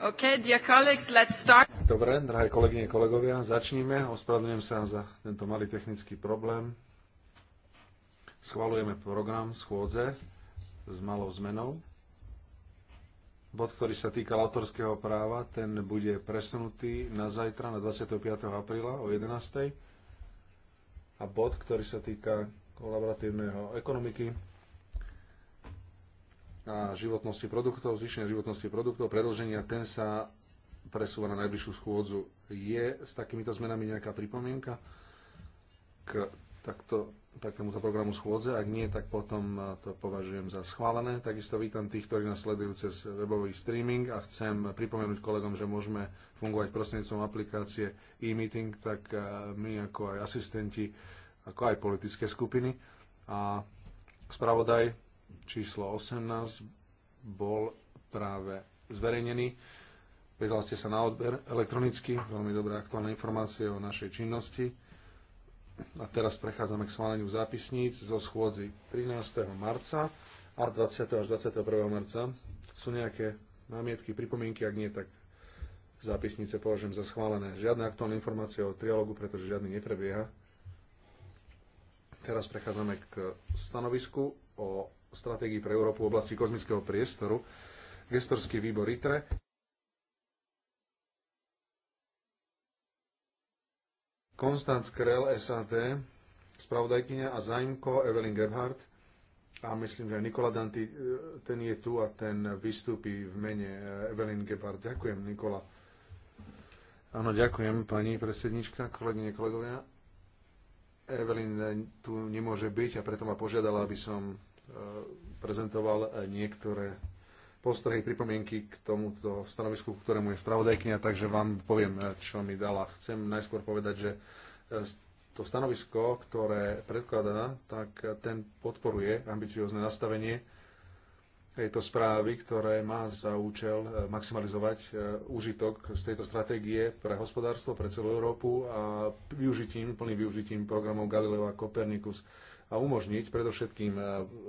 Okay, dear colleagues, let's start. Dobre, drahé kolegyne, kolegovia, začníme. Ospravedlňujem sa za tento malý technický problém. Schvalujeme program schôdze s malou zmenou. Bod, ktorý sa týka autorského práva, ten bude presunutý na zajtra, na 25. apríla o 11. A bod, ktorý sa týka kolaboratívneho ekonomiky, a životnosti produktov, zvýšenia životnosti produktov, predlženia, ten sa presúva na najbližšiu schôdzu. Je s takýmito zmenami nejaká pripomienka k takto, takémuto programu schôdze? Ak nie, tak potom e, to považujem za schválené. Takisto vítam tých, ktorí nás sledujú cez webový streaming a chcem pripomenúť kolegom, že môžeme fungovať prostredníctvom aplikácie e-meeting, tak e, my ako aj asistenti, ako aj politické skupiny. A spravodaj číslo 18 bol práve zverejnený. Prihláste sa na odber elektronicky, veľmi dobré aktuálne informácie o našej činnosti. A teraz prechádzame k schváleniu zápisníc zo schôdzi 13. marca a 20. až 21. marca. Sú nejaké námietky, pripomienky, ak nie, tak zápisnice považujem za schválené. Žiadne aktuálne informácie o trialogu, pretože žiadny neprebieha. Teraz prechádzame k stanovisku o stratégii pre Európu v oblasti kozmického priestoru, gestorský výbor ITRE. Konstanc Krell, SAT, spravodajkynia a zájmko Evelyn Gebhardt a myslím, že aj Nikola Danti, e, ten je tu a ten vystúpi v mene e, Evelyn Gebhardt. Ďakujem, Nikola. Áno, ďakujem, pani predsednička, kolegyne, kolegovia. Evelyn tu nemôže byť a preto ma požiadala, aby som prezentoval niektoré postrehy, pripomienky k tomuto stanovisku, ktorému je spravodajkynia, takže vám poviem, čo mi dala. Chcem najskôr povedať, že e, to stanovisko, ktoré predkladá, tak ten podporuje ambiciozne nastavenie tejto správy, ktoré má za účel e, maximalizovať úžitok e, z tejto stratégie pre hospodárstvo, pre celú Európu a využitím, plným využitím programov Galileo a Copernicus a umožniť predovšetkým eh,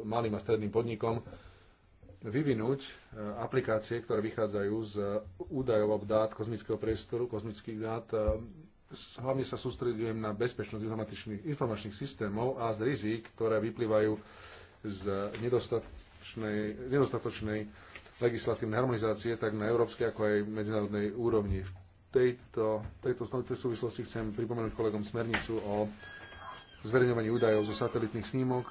malým a stredným podnikom vyvinúť eh, aplikácie, ktoré vychádzajú z údajov alebo dát kozmického priestoru, kozmických dát. Eh, hlavne sa sústredujem na bezpečnosť informačných, informačných systémov a z rizik, ktoré vyplývajú z nedostatočnej, nedostatočnej legislatívnej harmonizácie, tak na európskej, ako aj medzinárodnej úrovni. V tejto, tejto, tejto súvislosti chcem pripomenúť kolegom smernicu o zverejňovaní údajov zo satelitných snímok.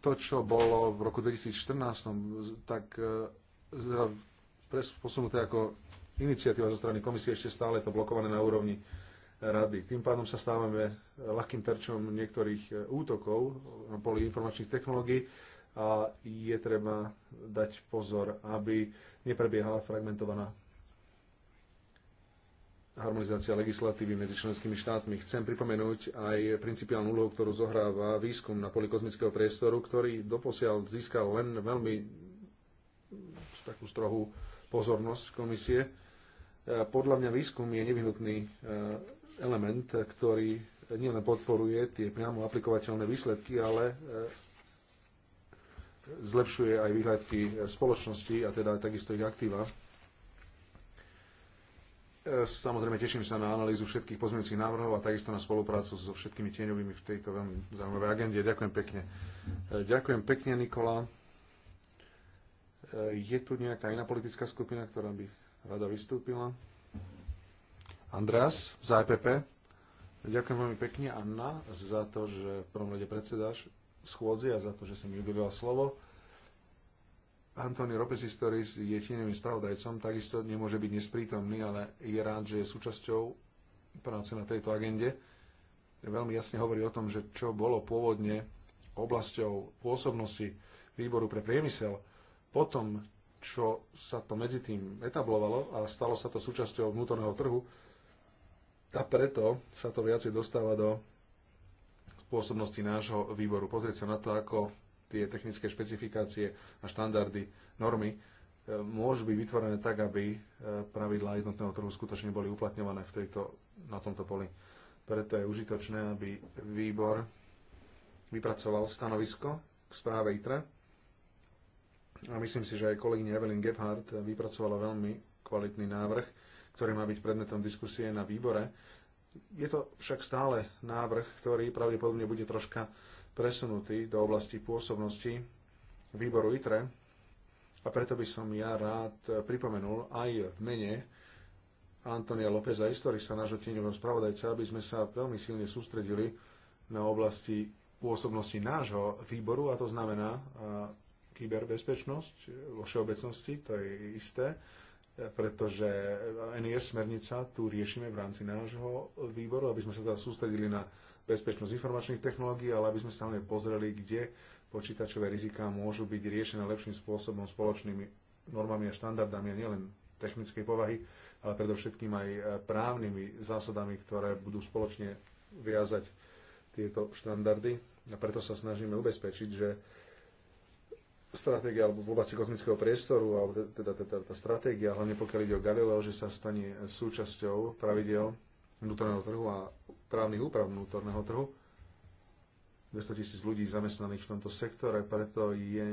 To, čo bolo v roku 2014, tak e, presposunuté ako iniciatíva zo strany komisie, ešte stále je to blokované na úrovni rady. Tým pádom sa stávame ľahkým terčom niektorých e, útokov na poli informačných technológií a je treba dať pozor, aby neprebiehala fragmentovaná harmonizácia legislatívy medzi členskými štátmi. Chcem pripomenúť aj principiálnu úlohu, ktorú zohráva výskum na poli kozmického priestoru, ktorý doposiaľ získal len veľmi takú strohú pozornosť komisie. E, podľa mňa výskum je nevyhnutný e, element, ktorý nielen podporuje tie priamo aplikovateľné výsledky, ale e, zlepšuje aj výhľadky spoločnosti a teda takisto ich aktíva E, samozrejme, teším sa na analýzu všetkých pozmeňujúcich návrhov a takisto na spoluprácu so všetkými tieňovými v tejto veľmi zaujímavej agende. Ďakujem pekne. E, ďakujem pekne, Nikola. E, je tu nejaká iná politická skupina, ktorá by rada vystúpila? Andreas za EPP. Ďakujem veľmi pekne, Anna, za to, že v prvom rade predsedáš schôdzi a za to, že si mi udelila slovo. Antonio López Historis je tieňovým spravodajcom, takisto nemôže byť nesprítomný, ale je rád, že je súčasťou práce na tejto agende. Veľmi jasne hovorí o tom, že čo bolo pôvodne oblasťou pôsobnosti výboru pre priemysel, potom, čo sa to medzi tým etablovalo a stalo sa to súčasťou vnútorného trhu, a preto sa to viacej dostáva do pôsobnosti nášho výboru. Pozrieť sa na to, ako tie technické špecifikácie a štandardy, normy e, môžu byť vytvorené tak, aby e, pravidlá jednotného trhu skutočne boli uplatňované v tejto, na tomto poli. Preto je užitočné, aby výbor vypracoval stanovisko k správe ITRE. A myslím si, že aj kolegyňa Evelyn Gebhardt vypracovala veľmi kvalitný návrh, ktorý má byť predmetom diskusie na výbore. Je to však stále návrh, ktorý pravdepodobne bude troška presunutý do oblasti pôsobnosti výboru ITRE a preto by som ja rád pripomenul aj v mene Antonia Lópeza Istorisa, nášho tieňového spravodajca, aby sme sa veľmi silne sústredili na oblasti pôsobnosti nášho výboru, a to znamená kyberbezpečnosť vo všeobecnosti, to je isté, pretože NIS smernica tu riešime v rámci nášho výboru, aby sme sa teda sústredili na bezpečnosť informačných technológií, ale aby sme sa pozreli, kde počítačové riziká môžu byť riešené lepším spôsobom spoločnými normami a štandardami a nielen technickej povahy, ale predovšetkým aj e, právnymi zásadami, ktoré budú spoločne viazať tieto štandardy. A preto sa snažíme ubezpečiť, že stratégia alebo v oblasti kozmického priestoru, alebo teda, teda tá stratégia, hlavne pokiaľ ide o Galileo, že sa stane súčasťou pravidel vnútorného trhu a právnych úprav vnútorného trhu. 200 tisíc ľudí zamestnaných v tomto sektore, preto je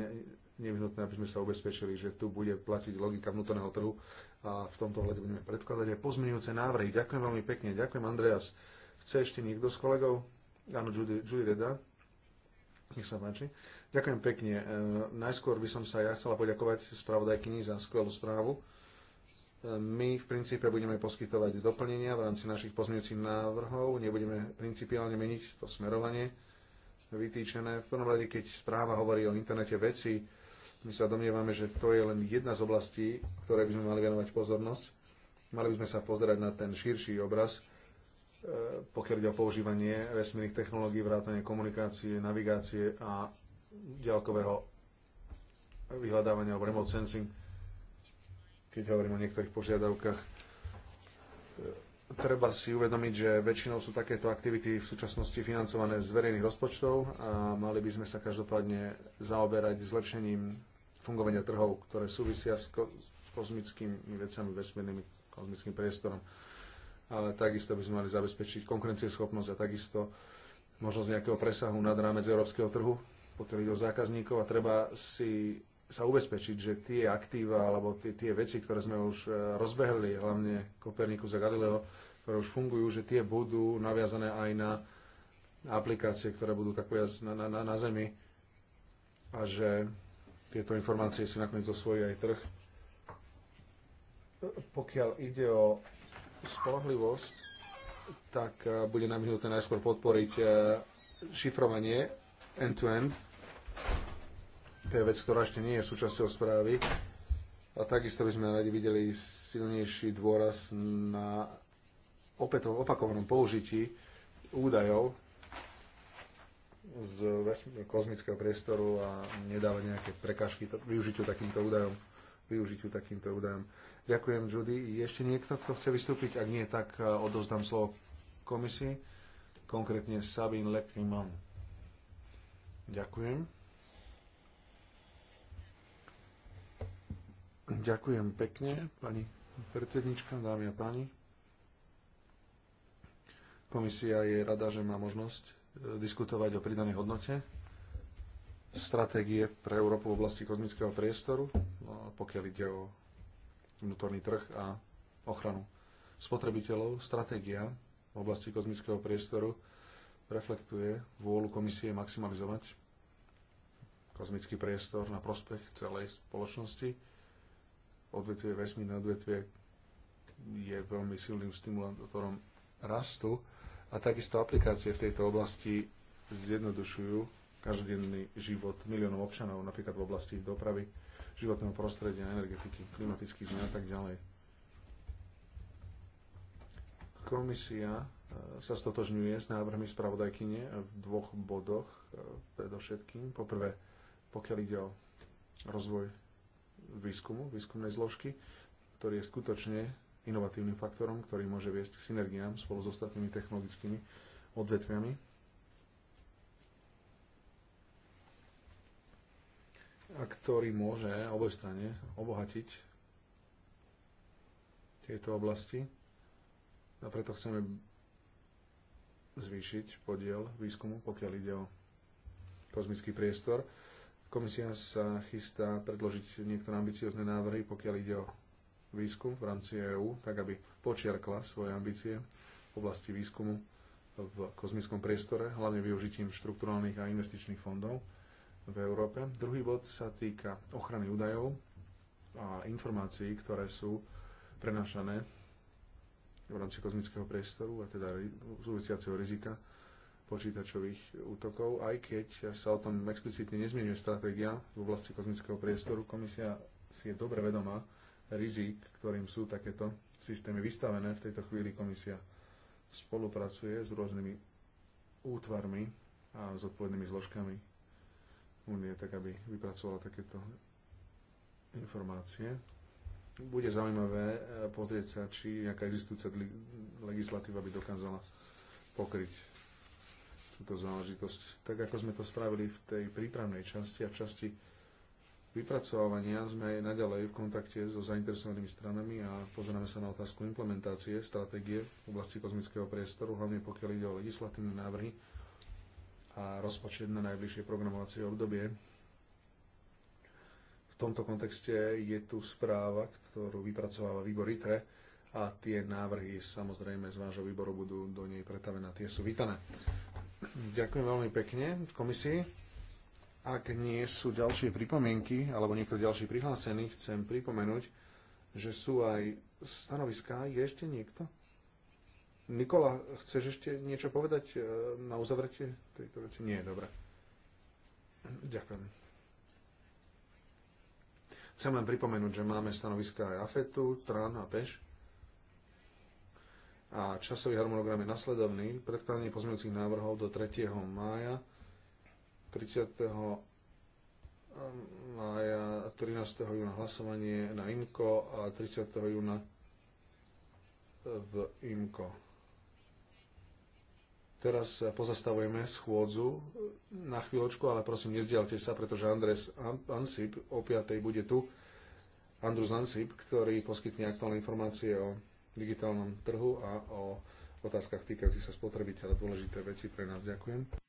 nevyhnutné, aby sme sa ubezpečili, že tu bude platiť logika vnútorného trhu a v tomto hľade budeme predkladať aj pozmeňujúce návrhy. Ďakujem veľmi pekne, ďakujem Andreas. Chce ešte niekto z kolegov? Áno, Judy, Reda. Nech sa páči. Ďakujem pekne. E, najskôr by som sa ja chcela poďakovať spravodajkyni za skvelú správu my v princípe budeme poskytovať doplnenia v rámci našich pozmeňujúcich návrhov, nebudeme principiálne meniť to smerovanie vytýčené. V prvom rade, keď správa hovorí o internete veci, my sa domnievame, že to je len jedna z oblastí, ktoré by sme mali venovať pozornosť. Mali by sme sa pozerať na ten širší obraz, e, pokiaľ ide o používanie vesmírnych technológií, vrátanie komunikácie, navigácie a ďalkového vyhľadávania alebo remote sensing keď hovorím o niektorých požiadavkách. E, treba si uvedomiť, že väčšinou sú takéto aktivity v súčasnosti financované z verejných rozpočtov a mali by sme sa každopádne zaoberať zlepšením fungovania trhov, ktoré súvisia s, ko- s kozmickými vecami, vesmírnym kozmickým priestorom. Ale takisto by sme mali zabezpečiť konkurencieschopnosť a takisto možnosť nejakého presahu nad rámec európskeho trhu, pokiaľ ide o zákazníkov a treba si sa ubezpečiť, že tie aktíva alebo tie, tie veci, ktoré sme už e, rozbehli, hlavne Kopernikus a Galileo, ktoré už fungujú, že tie budú naviazané aj na aplikácie, ktoré budú tak na, na, na, na Zemi a že tieto informácie si nakoniec osvojí aj trh. Pokiaľ ide o spolahlivosť, tak e, bude navrhnuté najskôr podporiť e, šifrovanie end-to-end, -end, to je vec, ktorá ešte nie je súčasťou správy. A takisto by sme radi videli silnejší dôraz na opätov, opakovanom použití údajov z kozmického priestoru a nedáva nejaké prekážky využitiu takýmto údajom. Využitiu takýmto údajom. Ďakujem, Judy. ešte niekto, kto chce vystúpiť? Ak nie, tak e, odovzdám slovo komisii, konkrétne Sabine Lekrimon. Ďakujem. Ďakujem pekne, pani predsednička, dámy a páni. Komisia je rada, že má možnosť e, diskutovať o pridanej hodnote stratégie pre Európu v oblasti kozmického priestoru, no, pokiaľ ide o vnútorný trh a ochranu spotrebiteľov. Stratégia v oblasti kozmického priestoru reflektuje vôľu komisie maximalizovať kozmický priestor na prospech celej spoločnosti odvetvie, vesmírne odvetvie je veľmi silným stimulátorom rastu a takisto aplikácie v tejto oblasti zjednodušujú každodenný život miliónov občanov, napríklad v oblasti dopravy, životného prostredia, energetiky, klimatických zmien a tak ďalej. Komisia e, sa stotožňuje s návrhmi spravodajkyne v dvoch bodoch e, predovšetkým. Poprvé, pokiaľ ide o rozvoj výskumu, výskumnej zložky, ktorý je skutočne inovatívnym faktorom, ktorý môže viesť k synergiám spolu s ostatnými technologickými odvetviami. a ktorý môže obojstranne obohatiť tieto oblasti. A preto chceme zvýšiť podiel výskumu, pokiaľ ide o kozmický priestor. Komisia sa chystá predložiť niektoré ambiciozne návrhy, pokiaľ ide o výskum v rámci EÚ, tak aby počiarkla svoje ambície v oblasti výskumu v kozmickom priestore, hlavne využitím štrukturálnych a investičných fondov v Európe. Druhý bod sa týka ochrany údajov a informácií, ktoré sú prenašané v rámci kozmického priestoru a teda súvisiaceho rizika počítačových útokov, aj keď sa o tom explicitne nezmienuje stratégia v oblasti kozmického priestoru. Komisia si je dobre vedomá rizik, ktorým sú takéto systémy vystavené. V tejto chvíli komisia spolupracuje s rôznymi útvarmi a s odpovednými zložkami únie, tak aby vypracovala takéto informácie. Bude zaujímavé eh, pozrieť sa, či nejaká existujúca legislatíva by dokázala pokryť túto záležitosť. Tak ako sme to spravili v tej prípravnej časti a v časti vypracovania, sme aj naďalej v kontakte so zainteresovanými stranami a pozeráme sa na otázku implementácie stratégie v oblasti kozmického priestoru, hlavne pokiaľ ide o legislatívne návrhy a rozpočet na najbližšie programovacie obdobie. V tomto kontexte je tu správa, ktorú vypracováva výbor ITRE, a tie návrhy samozrejme z vášho výboru budú do nej pretavené. Tie sú vítané. Ďakujem veľmi pekne v komisii. Ak nie sú ďalšie pripomienky, alebo niekto ďalší prihlásený, chcem pripomenúť, že sú aj stanoviská. Je ešte niekto? Nikola, chceš ešte niečo povedať e, na uzavretie tejto veci? Nie, dobre. Ďakujem. Chcem len pripomenúť, že máme stanoviská aj AFETu, TRAN a PEŠ a časový harmonogram je nasledovný. Predkladanie pozmeňujúcich návrhov do 3. mája, 30. Ehm, mája, 13. júna hlasovanie na IMKO a 30. júna e, v IMKO. Teraz pozastavujeme schôdzu e, na chvíľočku, ale prosím, nezdialte sa, pretože Andres Ansip o 5. bude tu. Andrus Ansip, ktorý poskytne aktuálne informácie o digitálnom trhu a o otázkach týkajúcich sa spotrebiteľa. Dôležité veci pre nás. Ďakujem.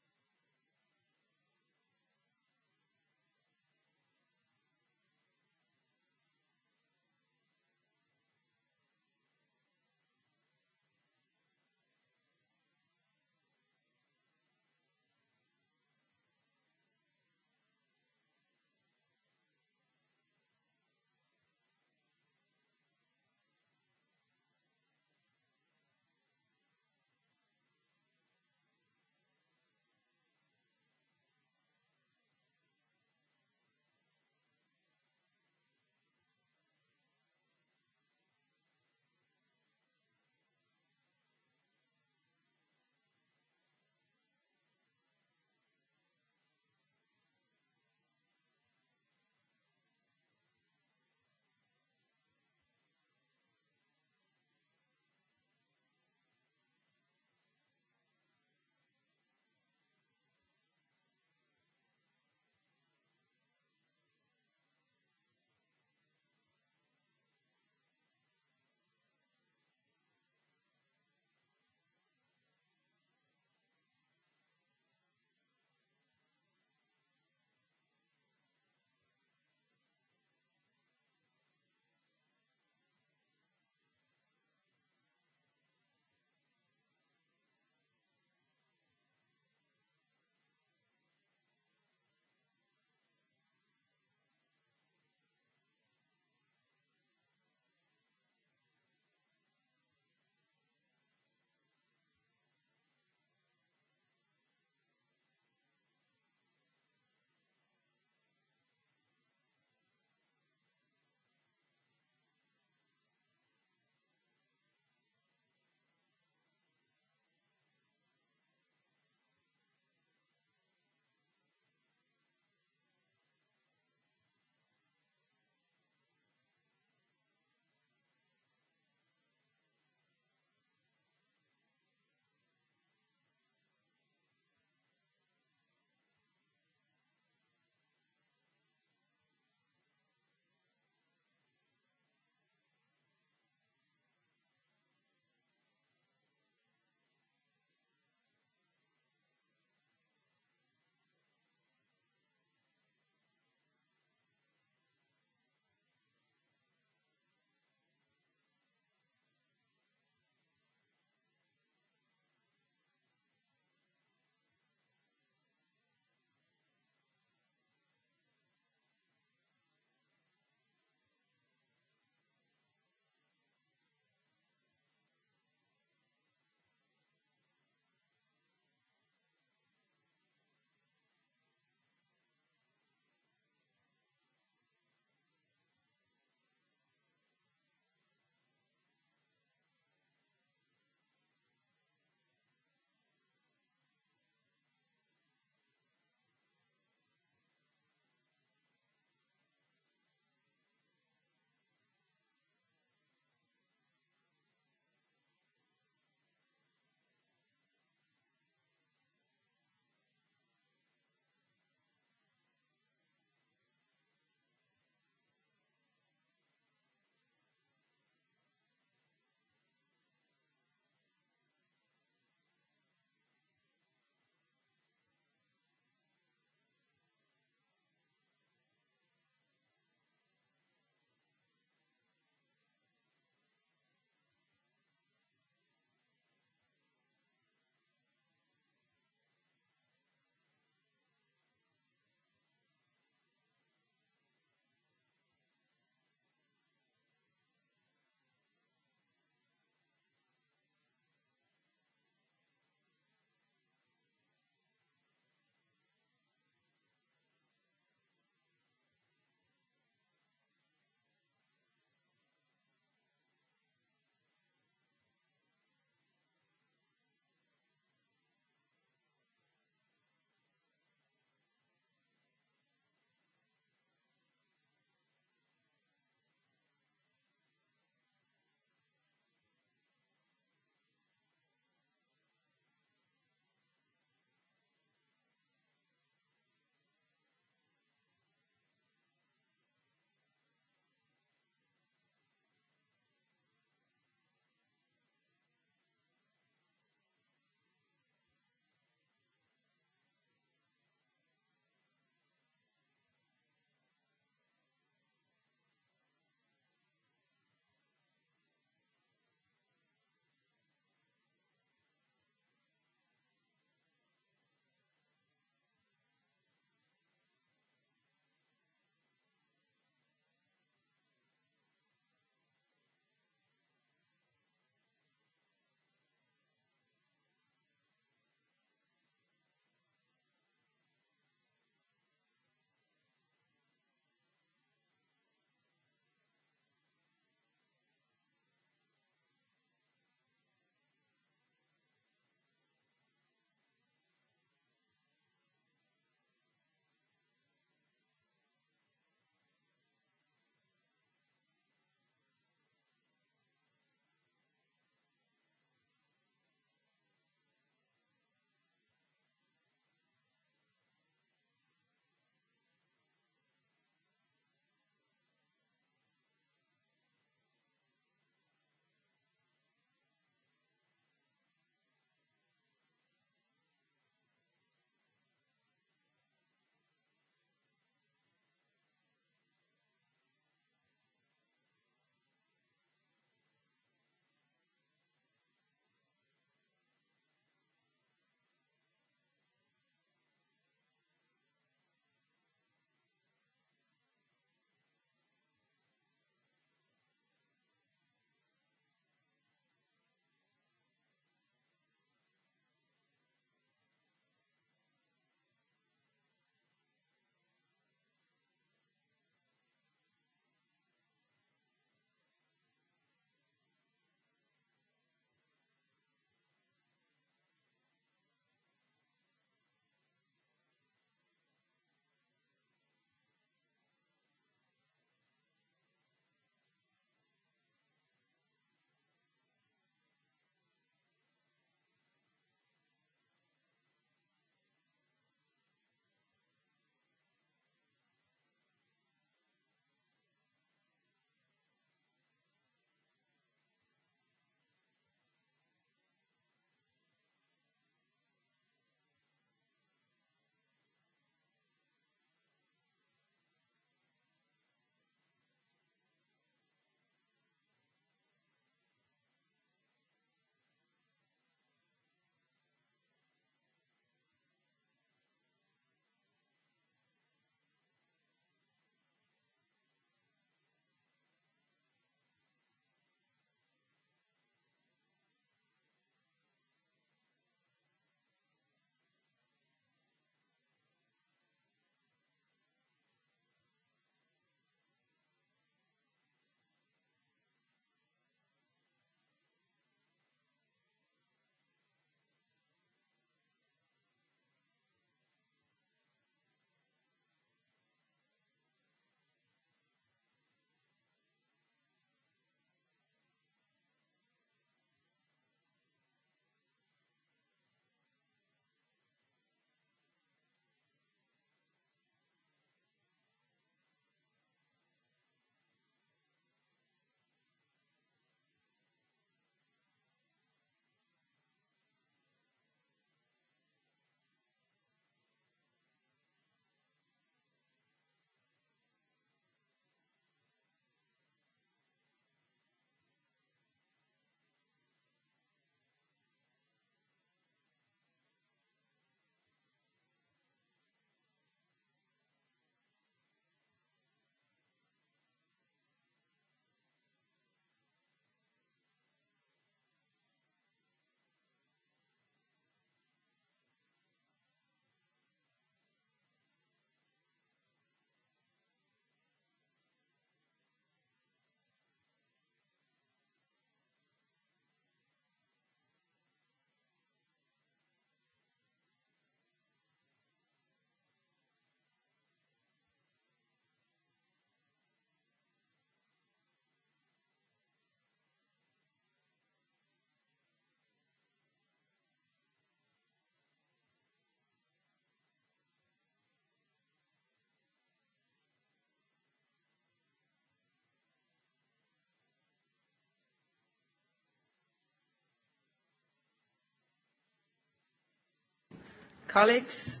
colleagues,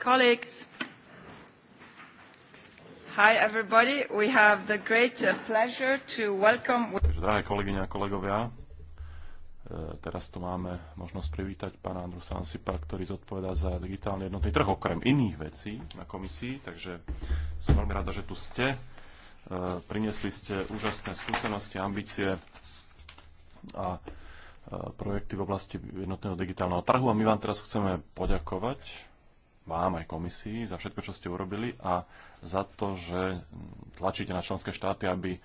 colleagues. Hi everybody, we have the great pleasure to welcome... drahé kolegyne a kolegovia, e, teraz tu máme možnosť privítať pána Andru Sansipa, ktorý zodpovedá za digitálny jednotný trh, okrem iných vecí na komisii, takže som veľmi rada, že tu ste. E, priniesli ste úžasné skúsenosti, ambície a projekty v oblasti jednotného digitálneho trhu a my vám teraz chceme poďakovať, vám aj komisii, za všetko, čo ste urobili a za to, že tlačíte na členské štáty, aby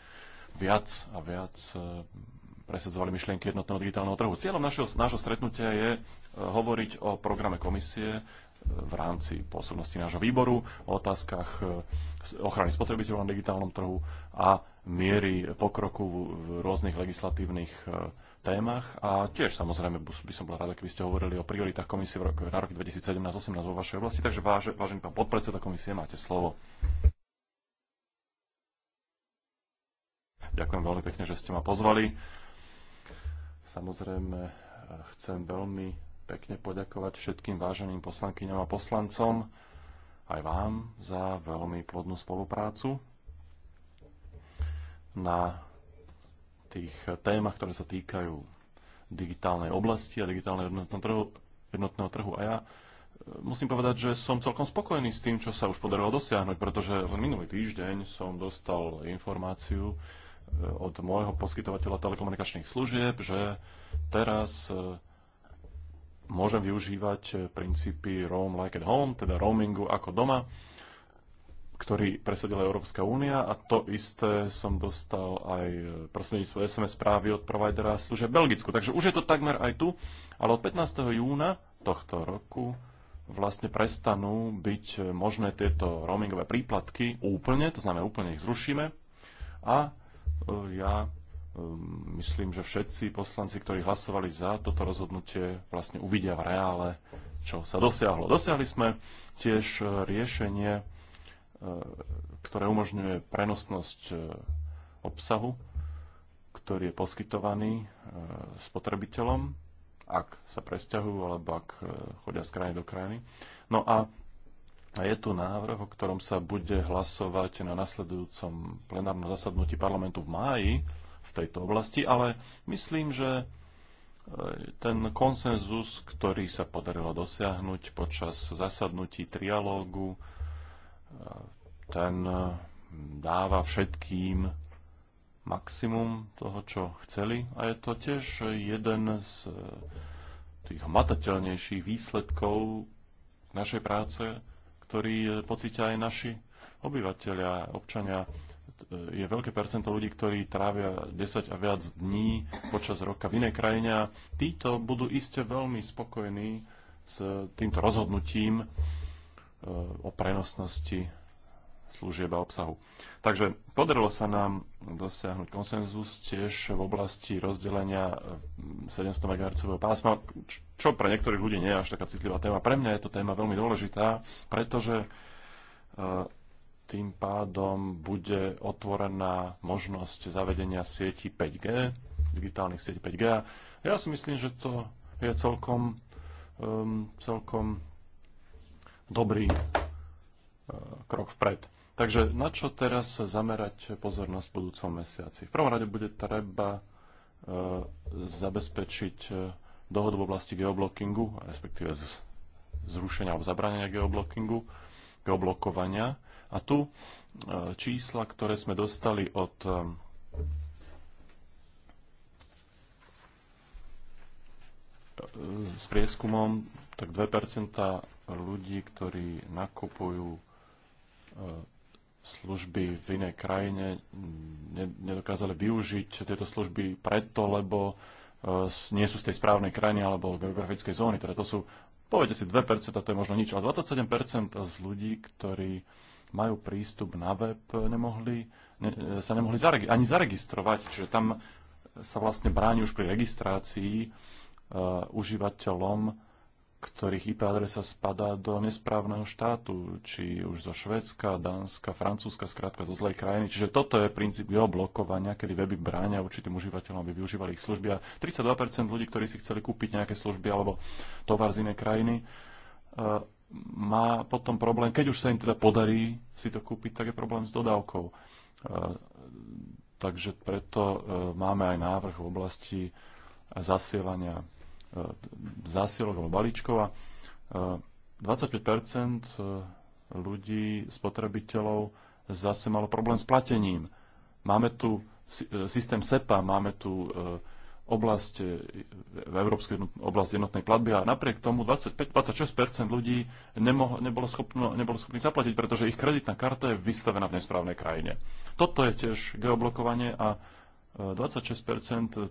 viac a viac e, presedzovali myšlienky jednotného digitálneho trhu. Cieľom našeho, nášho stretnutia je e, hovoriť o programe komisie e, v rámci pôsobnosti nášho výboru, o otázkach ochrany spotrebiteľov na digitálnom trhu a miery pokroku v rôznych legislatívnych témach a tiež samozrejme by som bol rád, keby ste hovorili o prioritách komisie v roku, na roky 2017-2018 vo vašej oblasti. Takže váž, vážený pán podpredseda komisie, máte slovo. Ďakujem veľmi pekne, že ste ma pozvali. Samozrejme, eh, chcem veľmi pekne poďakovať všetkým váženým poslankyňom a poslancom, aj vám za veľmi plodnú spoluprácu na tých eh, témach, ktoré sa týkajú digitálnej oblasti a digitálneho jednotného trhu. Jednotného trhu. A ja eh, musím povedať, že som celkom spokojný s tým, čo sa už podarilo dosiahnuť, pretože minulý týždeň som dostal informáciu eh, od môjho poskytovateľa telekomunikačných služieb, že teraz môžem využívať princípy roam like at home, teda roamingu ako doma ktorý presadila Európska únia a to isté som dostal aj prostredníctvo SMS správy od providera služieb Belgicku. Takže už je to takmer aj tu, ale od 15. júna tohto roku vlastne prestanú byť možné tieto roamingové príplatky úplne, to znamená úplne ich zrušíme a e, ja e, myslím, že všetci poslanci, ktorí hlasovali za toto rozhodnutie, vlastne uvidia v reále, čo sa dosiahlo. Dosiahli sme tiež e, riešenie E, ktoré umožňuje prenosnosť e, obsahu, ktorý je poskytovaný e, spotrebiteľom, ak sa presťahujú alebo ak chodia z krajiny do krajiny. No a je tu návrh, o ktorom sa bude hlasovať na nasledujúcom plenárnom zasadnutí parlamentu v máji v tejto oblasti, ale myslím, že ten konsenzus, ktorý sa podarilo dosiahnuť počas zasadnutí trialógu, ten eh, dáva všetkým maximum toho, čo chceli a je to tiež jeden z eh, tých hmatateľnejších výsledkov našej práce, ktorý eh, pocítia aj naši obyvateľia, občania. Je veľké percento ľudí, ktorí trávia 10 a viac dní počas roka v inej krajine a títo budú iste veľmi spokojní s týmto rozhodnutím Eh, o prenosnosti služieb a obsahu. Takže podarilo sa nám dosiahnuť konsenzus tiež v oblasti rozdelenia 700 eh, MHz pásma, čo pre niektorých ľudí nie je až taká citlivá téma. Pre mňa je to téma veľmi dôležitá, pretože eh, tým pádom bude otvorená možnosť zavedenia sieti 5G, digitálnych sieti 5G. Ja si myslím, že to je celkom, ehm, celkom dobrý e, krok vpred. Takže na čo teraz zamerať pozornosť v budúcom mesiaci? V prvom rade bude treba e, zabezpečiť e, dohodu v oblasti geoblockingu, respektíve zrušenia alebo zabranenia geoblockingu, geoblokovania. A tu čísla, ktoré sme dostali od s prieskumom tak 2% ľudí, ktorí nakupujú e, služby v inej krajine, nedokázali využiť tieto služby preto, lebo e, nie sú z tej správnej krajiny alebo geografickej zóny. Teda to sú, povedzte si, 2%, a to je možno nič, ale 27% z ľudí, ktorí majú prístup na web, nemohli, ne, sa nemohli zaregi- ani zaregistrovať, čiže tam sa vlastne bráni už pri registrácii uh, užívateľom ktorých IP adresa spadá do nesprávneho štátu, či už zo Švedska, Dánska, Francúzska, skrátka zo zlej krajiny. Čiže toto je princíp geoblokovania, kedy weby bráňa určitým užívateľom, aby využívali ich služby. A 32% ľudí, ktorí si chceli kúpiť nejaké služby alebo tovar z inej krajiny, e, má potom problém, keď už sa im teda podarí si to kúpiť, tak je problém s dodávkou. E, takže preto e, máme aj návrh v oblasti zasielania E, zásielok alebo balíčkov a 25 ľudí, spotrebiteľov zase malo problém s platením. Máme tu e, systém SEPA, máme tu e, oblasť, v Európskej oblasti jednotnej platby a napriek tomu 25-26 ľudí nemoh, nebolo, schopno, nebolo schopný zaplatiť, pretože ich kreditná karta je vystavená v nesprávnej krajine. Toto je tiež geoblokovanie a 26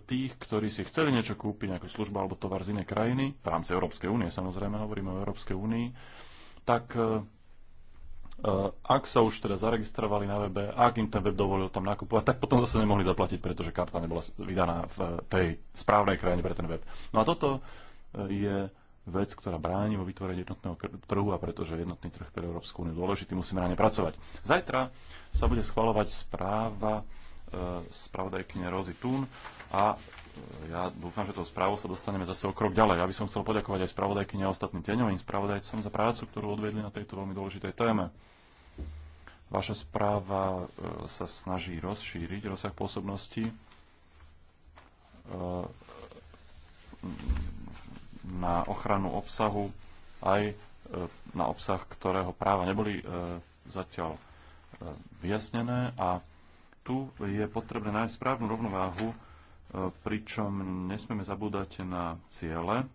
tých, ktorí si chceli niečo kúpiť, nejakú službu alebo tovar z inej krajiny, v rámci Európskej únie samozrejme, hovoríme o Európskej únii, tak e, e, ak sa už teda zaregistrovali na webe, ak im ten web dovolil tam nakupovať, tak potom zase nemohli zaplatiť, pretože karta nebola vydaná v tej správnej krajine pre ten web. No a toto e, je vec, ktorá bráni vo vytvorení jednotného trhu a pretože jednotný trh pre Európsku úniu dôležitý, musíme na ne pracovať. Zajtra sa bude schvalovať správa E, spravodajkyne Rozy Tún a e, ja dúfam, že to správu sa dostaneme zase o krok ďalej. Ja by som chcel poďakovať aj spravodajkyne a ostatným tieňovým spravodajcom za prácu, ktorú odvedli na tejto veľmi dôležitej téme. Vaša správa e, sa snaží rozšíriť rozsah pôsobnosti na ochranu obsahu aj na obsah, ktorého práva neboli zatiaľ vyjasnené a tu je potrebné nájsť správnu rovnováhu, e, pričom nesmieme zabúdať na ciele,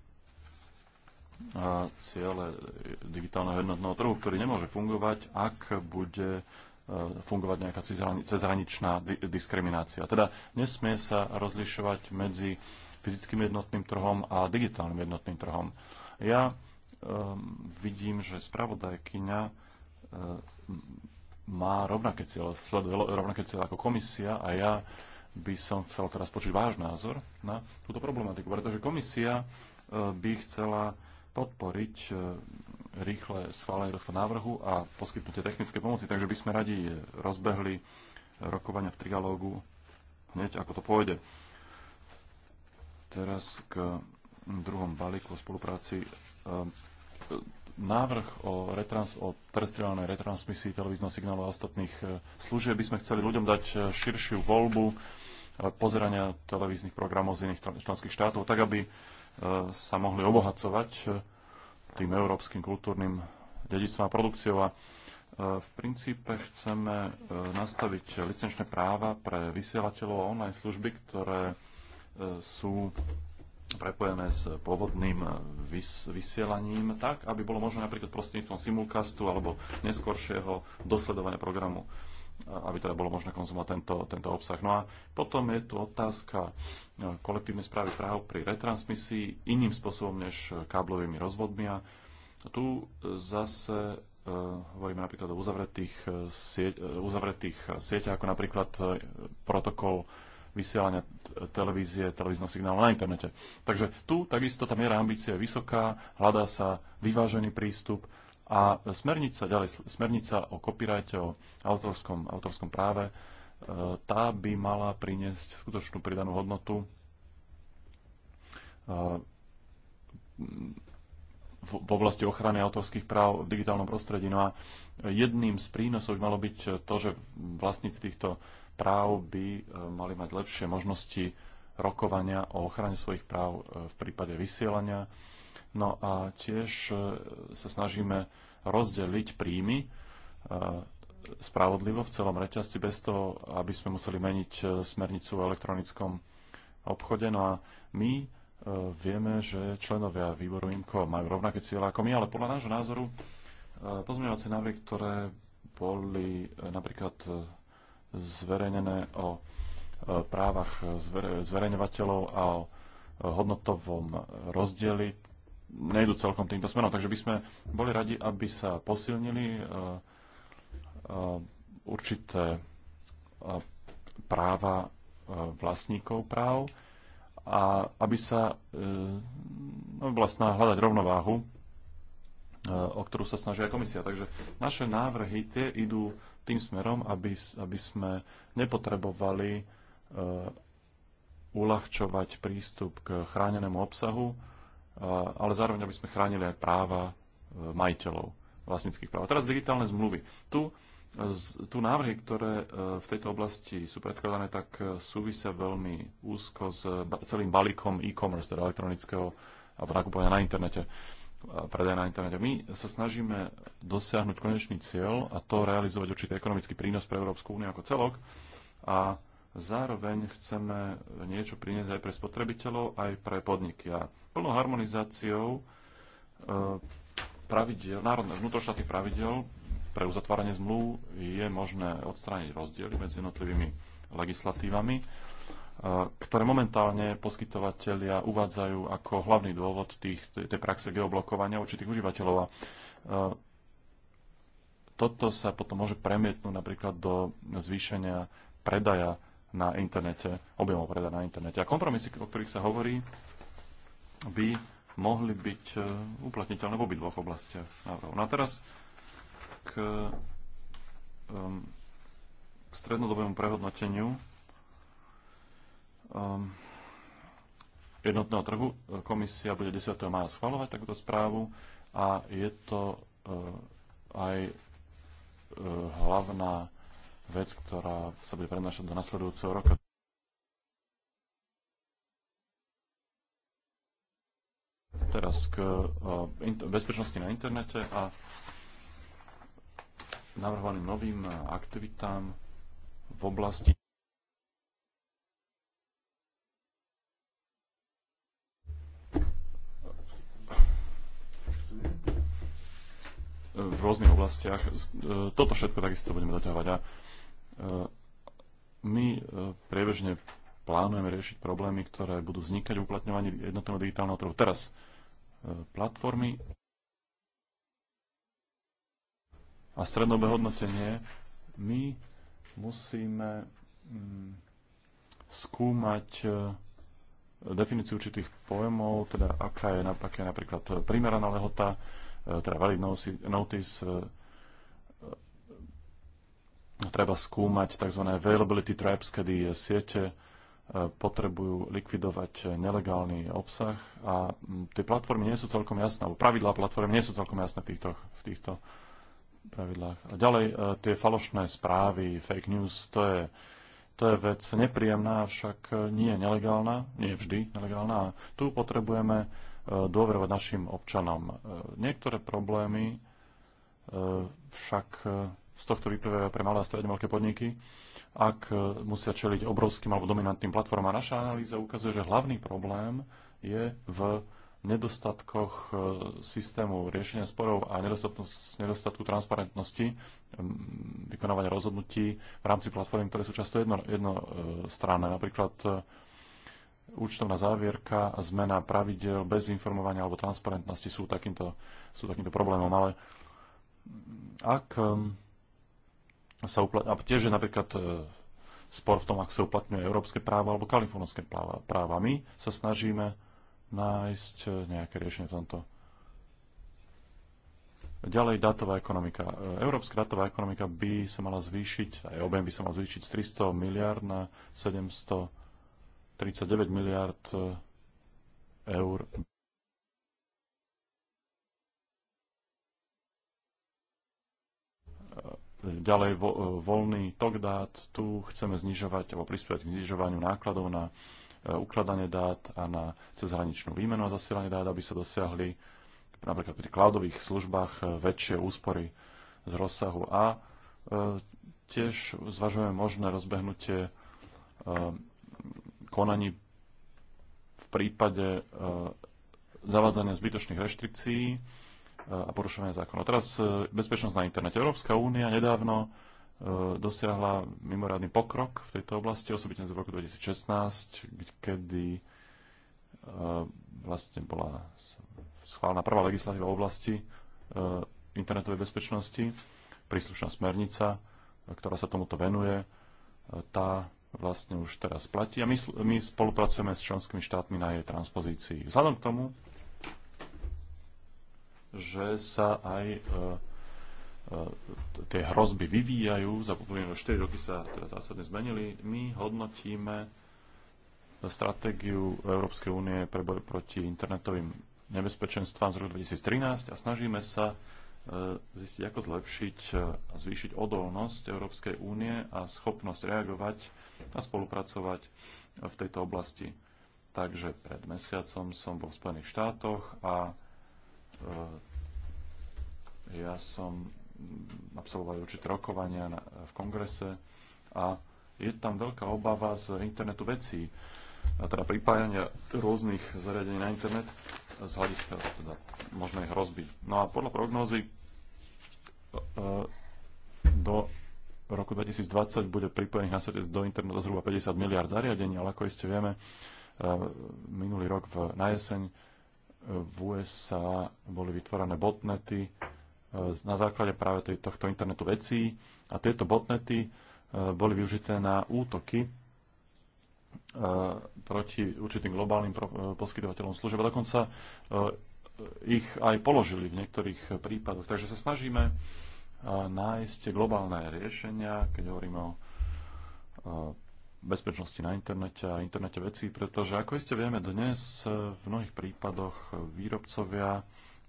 ciele digitálneho jednotného trhu, ktorý nemôže fungovať, ak bude e, fungovať nejaká cezhraničná diskriminácia. Teda nesmie sa rozlišovať medzi fyzickým jednotným trhom a digitálnym jednotným trhom. Ja um, vidím, že spravodajkyňa um, má rovnaké cieľe, sleduje rovnaké cieľe ako komisia a ja by som chcel teraz počuť váš názor na túto problematiku, pretože komisia e, by chcela podporiť e, rýchle schválenie tohto návrhu a poskytnutie technické pomoci, takže by sme radi rozbehli rokovania v trialógu hneď, ako to pôjde. Teraz k druhom balíku o spolupráci. E, návrh o, retrans- o terestriálnej retransmisii televízneho signálu a ostatných e, služieb by sme chceli ľuďom dať e, širšiu voľbu e, pozerania televíznych programov z iných členských štátov, tak aby sa mohli obohacovať tým európskym kultúrnym dedictvom a produkciou. A v princípe chceme nastaviť licenčné práva pre vysielateľov a online služby, ktoré sú prepojené s pôvodným e, vys- vysielaním, tak, aby bolo možné napríklad prostredníctvom simulcastu alebo neskoršieho dosledovania programu, e, aby teda bolo možné konzumovať tento, tento obsah. No a potom je tu otázka e, kolektívnej správy práv pri retransmisii iným spôsobom než káblovými rozvodmi. A tu zase hovoríme napríklad o uzavretých, sieť, uzavretých sieťach, ako napríklad protokol vysielania televízie, televízneho signálu na internete. Takže tu takisto tá miera ambície je vysoká, hľadá sa vyvážený prístup a smernica, ďalej smernica o copyrighte, o autorskom, autorskom práve, e, tá by mala priniesť skutočnú pridanú hodnotu e, v oblasti ochrany autorských práv v digitálnom prostredí. No a jedným z prínosov by malo byť to, že vlastníci týchto práv by e, mali mať lepšie možnosti rokovania o ochrane svojich práv e, v prípade vysielania. No a tiež e, sa snažíme rozdeliť príjmy spravodlivo v celom reťazci bez toho, aby sme museli meniť smernicu v elektronickom obchode. No a my E, vieme, že členovia výboru IMCO majú rovnaké cieľe ako my, ale podľa nášho názoru e, pozmeňovacie návrhy, ktoré boli e, napríklad zverejnené o právach zverejňovateľov a o hodnotovom rozdieli, nejdu celkom týmto smerom. Takže by sme boli radi, aby sa posilnili určité práva vlastníkov práv, a aby sa no, bola snaha hľadať rovnováhu, e, o ktorú sa snažia komisia. Takže naše návrhy tie idú tým smerom, aby, aby sme nepotrebovali e, uľahčovať prístup k chránenému obsahu, ale zároveň aby sme chránili aj práva majiteľov vlastníckých práv. A teraz digitálne zmluvy. Tu tu návrhy, ktoré e, v tejto oblasti sú predkladané, tak e, súvisia veľmi úzko s celým balíkom e-commerce, teda elektronického alebo nakupovania na internete, predaja na internete. My sa snažíme dosiahnuť konečný cieľ a to realizovať určitý ekonomický prínos pre Európsku úniu ako celok a zároveň chceme niečo priniesť aj pre spotrebiteľov, aj pre podniky. A plnou harmonizáciou e, pravidel, národných vnútroštátnych pravidel pre uzatváranie zmluv je možné odstrániť rozdiely medzi jednotlivými legislatívami, e, ktoré momentálne poskytovateľia uvádzajú ako hlavný dôvod tých, tej praxe geoblokovania určitých užívateľov. A e, toto sa potom môže premietnúť napríklad do zvýšenia predaja na internete, objemov predaja na internete. A kompromisy, o ktorých sa hovorí, by mohli byť e, uplatniteľné v obidvoch oblastiach No a teraz k um, k strednodobému prehodnoteniu um, jednotného trhu. Komisia bude 10. maja schvalovať takúto správu a je to uh, aj uh, hlavná vec, ktorá sa bude prednášať do nasledujúceho roka. Teraz k uh, bezpečnosti na internete a navrhovaným novým aktivitám v oblasti v rôznych oblastiach. E, toto všetko takisto budeme doťahovať a e, my e, priebežne plánujeme riešiť problémy, ktoré budú vznikať v uplatňovaní jednotného digitálneho trhu. Teraz platformy a strednobé hodnotenie, my musíme mm, skúmať e, definíciu určitých pojmov, teda aká je, aká je napríklad e, primeraná lehota, e, teda valid notice, treba skúmať tzv. availability traps, kedy siete potrebujú likvidovať nelegálny obsah a tie platformy nie sú celkom jasné, alebo pravidlá platformy nie sú celkom jasné v týchto, v týchto pravidlách. A ďalej, e, tie falošné správy, fake news, to je, to je vec nepríjemná, avšak e, nie je nelegálna, nie je vždy nelegálna. A tu potrebujeme e, dôverovať našim občanom. Niektoré problémy však z tohto vyplývajú pre malé a stredne veľké podniky, ak musia čeliť obrovským alebo dominantným platformám. A naša analýza ukazuje, že hlavný problém je v nedostatkoch e, systému riešenia sporov a nedostatku transparentnosti vykonávania rozhodnutí v rámci platform, ktoré sú často jedno, jednostranné. E, napríklad e, účtovná závierka zmena pravidel bez informovania alebo transparentnosti sú takýmto, sú takýmto problémom. Ale ak sa uplatňuje, a tiež je napríklad spor v tom, ak sa uplatňuje európske právo alebo kalifornské práva. práva. My sa snažíme nájsť eh, nejaké riešenie v tomto. Ďalej datová ekonomika. Eh, európska datová ekonomika by sa mala zvýšiť, aj objem by sa mal zvýšiť z 300 miliard na 739 miliard eh, eur. Ďalej vo, voľný tok dát. Tu chceme znižovať alebo prispievať k znižovaniu nákladov na Eh, ukladanie dát a na cezhraničnú výmenu a zasielanie dát, aby sa dosiahli napríklad pri cloudových službách eh, väčšie úspory z rozsahu a eh, tiež zvažujeme možné rozbehnutie konaní v prípade zavádzania zbytočných reštrikcií a porušovania zákona. Teraz bezpečnosť na internete. Európska únia nedávno E, dosiahla mimoriadný pokrok v tejto oblasti, osobitne z roku 2016, kedy e, vlastne bola schválená prvá legislatíva v oblasti e, internetovej bezpečnosti, príslušná smernica, ktorá sa tomuto venuje, tá vlastne už teraz platí a my, my spolupracujeme s členskými štátmi na jej transpozícii. Vzhľadom k tomu, že sa aj e, E, tie hrozby vyvíjajú. Za uplynulé 4 roky sa teda zásadne zmenili. My hodnotíme stratégiu Európskej únie pre boj proti internetovým nebezpečenstvám z roku 2013 a snažíme sa e, zistiť, ako zlepšiť e, a zvýšiť odolnosť Európskej únie a schopnosť reagovať a spolupracovať v tejto oblasti. Takže pred mesiacom som bol v Spojených štátoch a ja som absolvovali určité rokovania v kongrese a je tam veľká obava z internetu vecí, a teda pripájania rôznych zariadení na internet z hľadiska teda možno ich hrozby. No a podľa prognózy e, e, do roku 2020 bude pripojených na svete do internetu zhruba 50 miliard zariadení, ale ako iste vieme, e, minulý rok v, na jeseň v USA boli vytvorené botnety, na základe práve tohto internetu vecí a tieto botnety e, boli využité na útoky e, proti určitým globálnym e, poskytovateľom služeb. dokonca ich aj položili v niektorých prípadoch. Takže sa snažíme nájsť globálne riešenia, keď hovoríme o bezpečnosti na internete a internete vecí, pretože ako iste vieme dnes, v mnohých prípadoch výrobcovia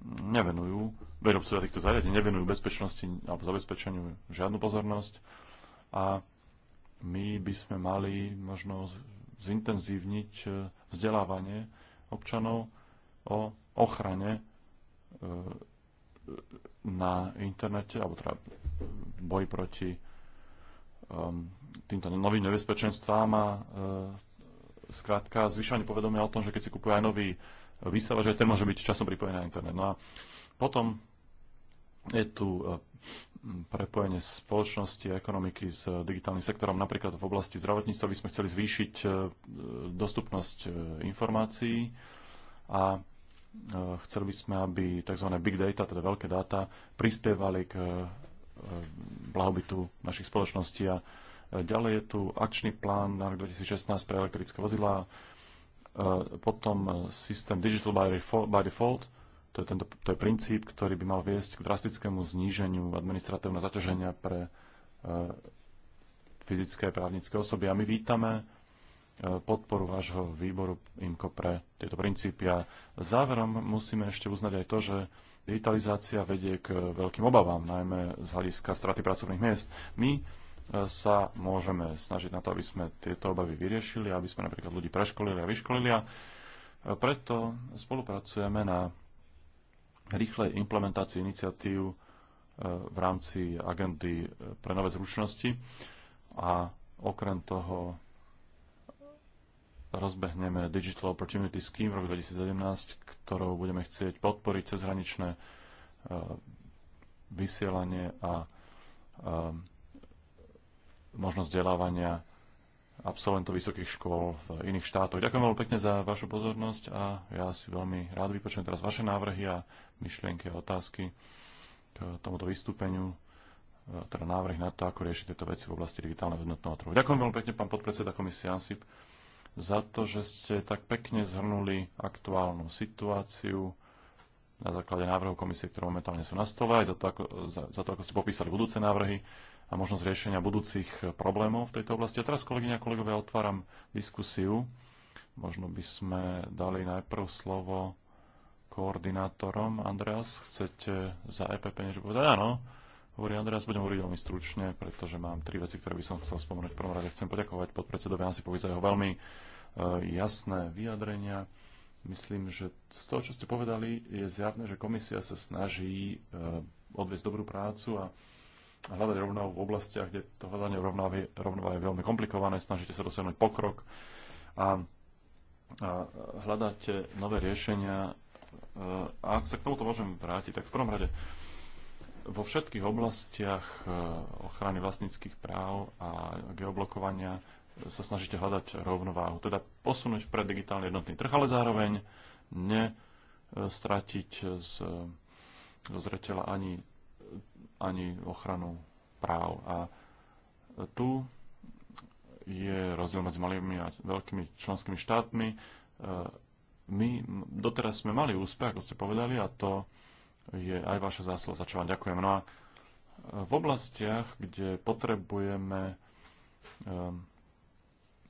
nevenujú, výrobcovia týchto zariadení nevenujú bezpečnosti alebo zabezpečeniu žiadnu pozornosť a my by sme mali možno zintenzívniť e, vzdelávanie občanov o ochrane e, na internete, alebo teda boj proti e, týmto novým nebezpečenstvám a zkrátka zvyšovanie povedomia o tom, že keď si kupuje aj nový vysávač, že ten môže byť časom pripojený na internet. No a potom je tu eh, prepojenie spoločnosti a ekonomiky s eh, digitálnym sektorom. Napríklad v oblasti zdravotníctva by sme chceli zvýšiť eh, dostupnosť informácií a chceli by sme, aby tzv. big data, teda veľké dáta, prispievali k blahobytu našich spoločností. A ďalej je tu akčný plán na rok 2016 pre elektrické vozidlá Eh, potom eh, systém Digital by Default, to je, tento, to je princíp, ktorý by mal viesť k drastickému zníženiu administratívneho zaťaženia pre eh, fyzické a právnické osoby. A my vítame podporu vášho výboru IMCO pre tieto princípy. A záverom musíme ešte uznať aj to, že digitalizácia vedie k veľkým obavám, najmä z hľadiska straty pracovných miest. My sa môžeme snažiť na to, aby sme tieto obavy vyriešili, aby sme napríklad ľudí preškolili a vyškolili a preto spolupracujeme na rýchlej implementácii iniciatív e, v rámci agendy e, pre nové zručnosti a okrem toho rozbehneme Digital Opportunity Scheme v roku 2017, ktorou budeme chcieť podporiť cezhraničné e, vysielanie a možnosť vzdelávania absolventov vysokých škôl v iných štátoch. Ďakujem veľmi pekne za vašu pozornosť a ja si veľmi rád vypočujem teraz vaše návrhy a myšlienky a otázky k tomuto vystúpeniu, e, teda návrh na to, ako riešiť tieto veci v oblasti digitálneho jednotného trhu. Ďakujem veľmi pekne, pán podpredseda komisie Ansip, za to, že ste tak pekne zhrnuli aktuálnu situáciu na základe návrhov komisie, ktoré momentálne sú na stole, aj za to, ako, za, za to, ako ste popísali budúce návrhy a možnosť riešenia budúcich problémov v tejto oblasti. A teraz, kolegyňa a kolegovia, otváram diskusiu. Možno by sme dali najprv slovo koordinátorom. Andreas, chcete za EPP niečo povedať? Áno. Hovorí Andreas, budem hovoriť veľmi stručne, pretože mám tri veci, ktoré by som chcel spomenúť. V prvom rade chcem poďakovať podpredsedovi povi za jeho veľmi e, jasné vyjadrenia. Myslím, že z toho, čo ste povedali, je zjavné, že komisia sa snaží e, odviesť dobrú prácu a hľadať rovnováhu v oblastiach, kde to hľadanie rovnováhy, je veľmi komplikované, snažíte sa dosiahnuť pokrok a, a hľadáte nové riešenia. A ak sa k tomuto môžem vrátiť, tak v prvom rade vo všetkých oblastiach e, ochrany vlastníckých práv a geoblokovania sa snažíte hľadať rovnováhu, teda posunúť pre digitálny jednotný trh, ale zároveň nestratiť z, zo zreteľa ani ani ochranu práv. A tu je rozdiel medzi malými a veľkými členskými štátmi. E, my doteraz sme mali úspech, ako ste povedali, a to je aj vaša zásluha, za čo vám ďakujem. No a v oblastiach, kde potrebujeme e,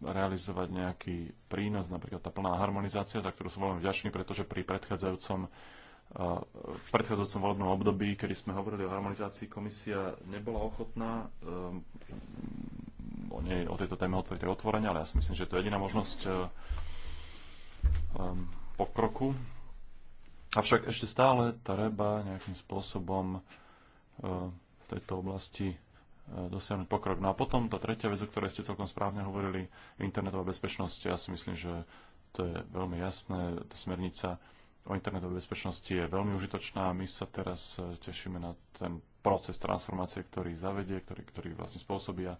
realizovať nejaký prínos, napríklad tá plná harmonizácia, za ktorú som veľmi vďačný, pretože pri predchádzajúcom v predchádzajúcom volebnom období, kedy sme hovorili o harmonizácii, komisia nebola ochotná um, o, nej, o tejto téme otvoriť otvorenie, ale ja si myslím, že to je jediná možnosť um, pokroku. Avšak ešte stále treba nejakým spôsobom v tejto oblasti dosiahnuť pokrok. No a potom tá tretia vec, o ktorej ste celkom správne hovorili, internetová bezpečnosť, ja si myslím, že to je veľmi jasné, tá smernica o internetovej bezpečnosti je veľmi užitočná. My sa teraz e, tešíme na ten proces transformácie, ktorý zavedie, ktorý, ktorý vlastne spôsobia.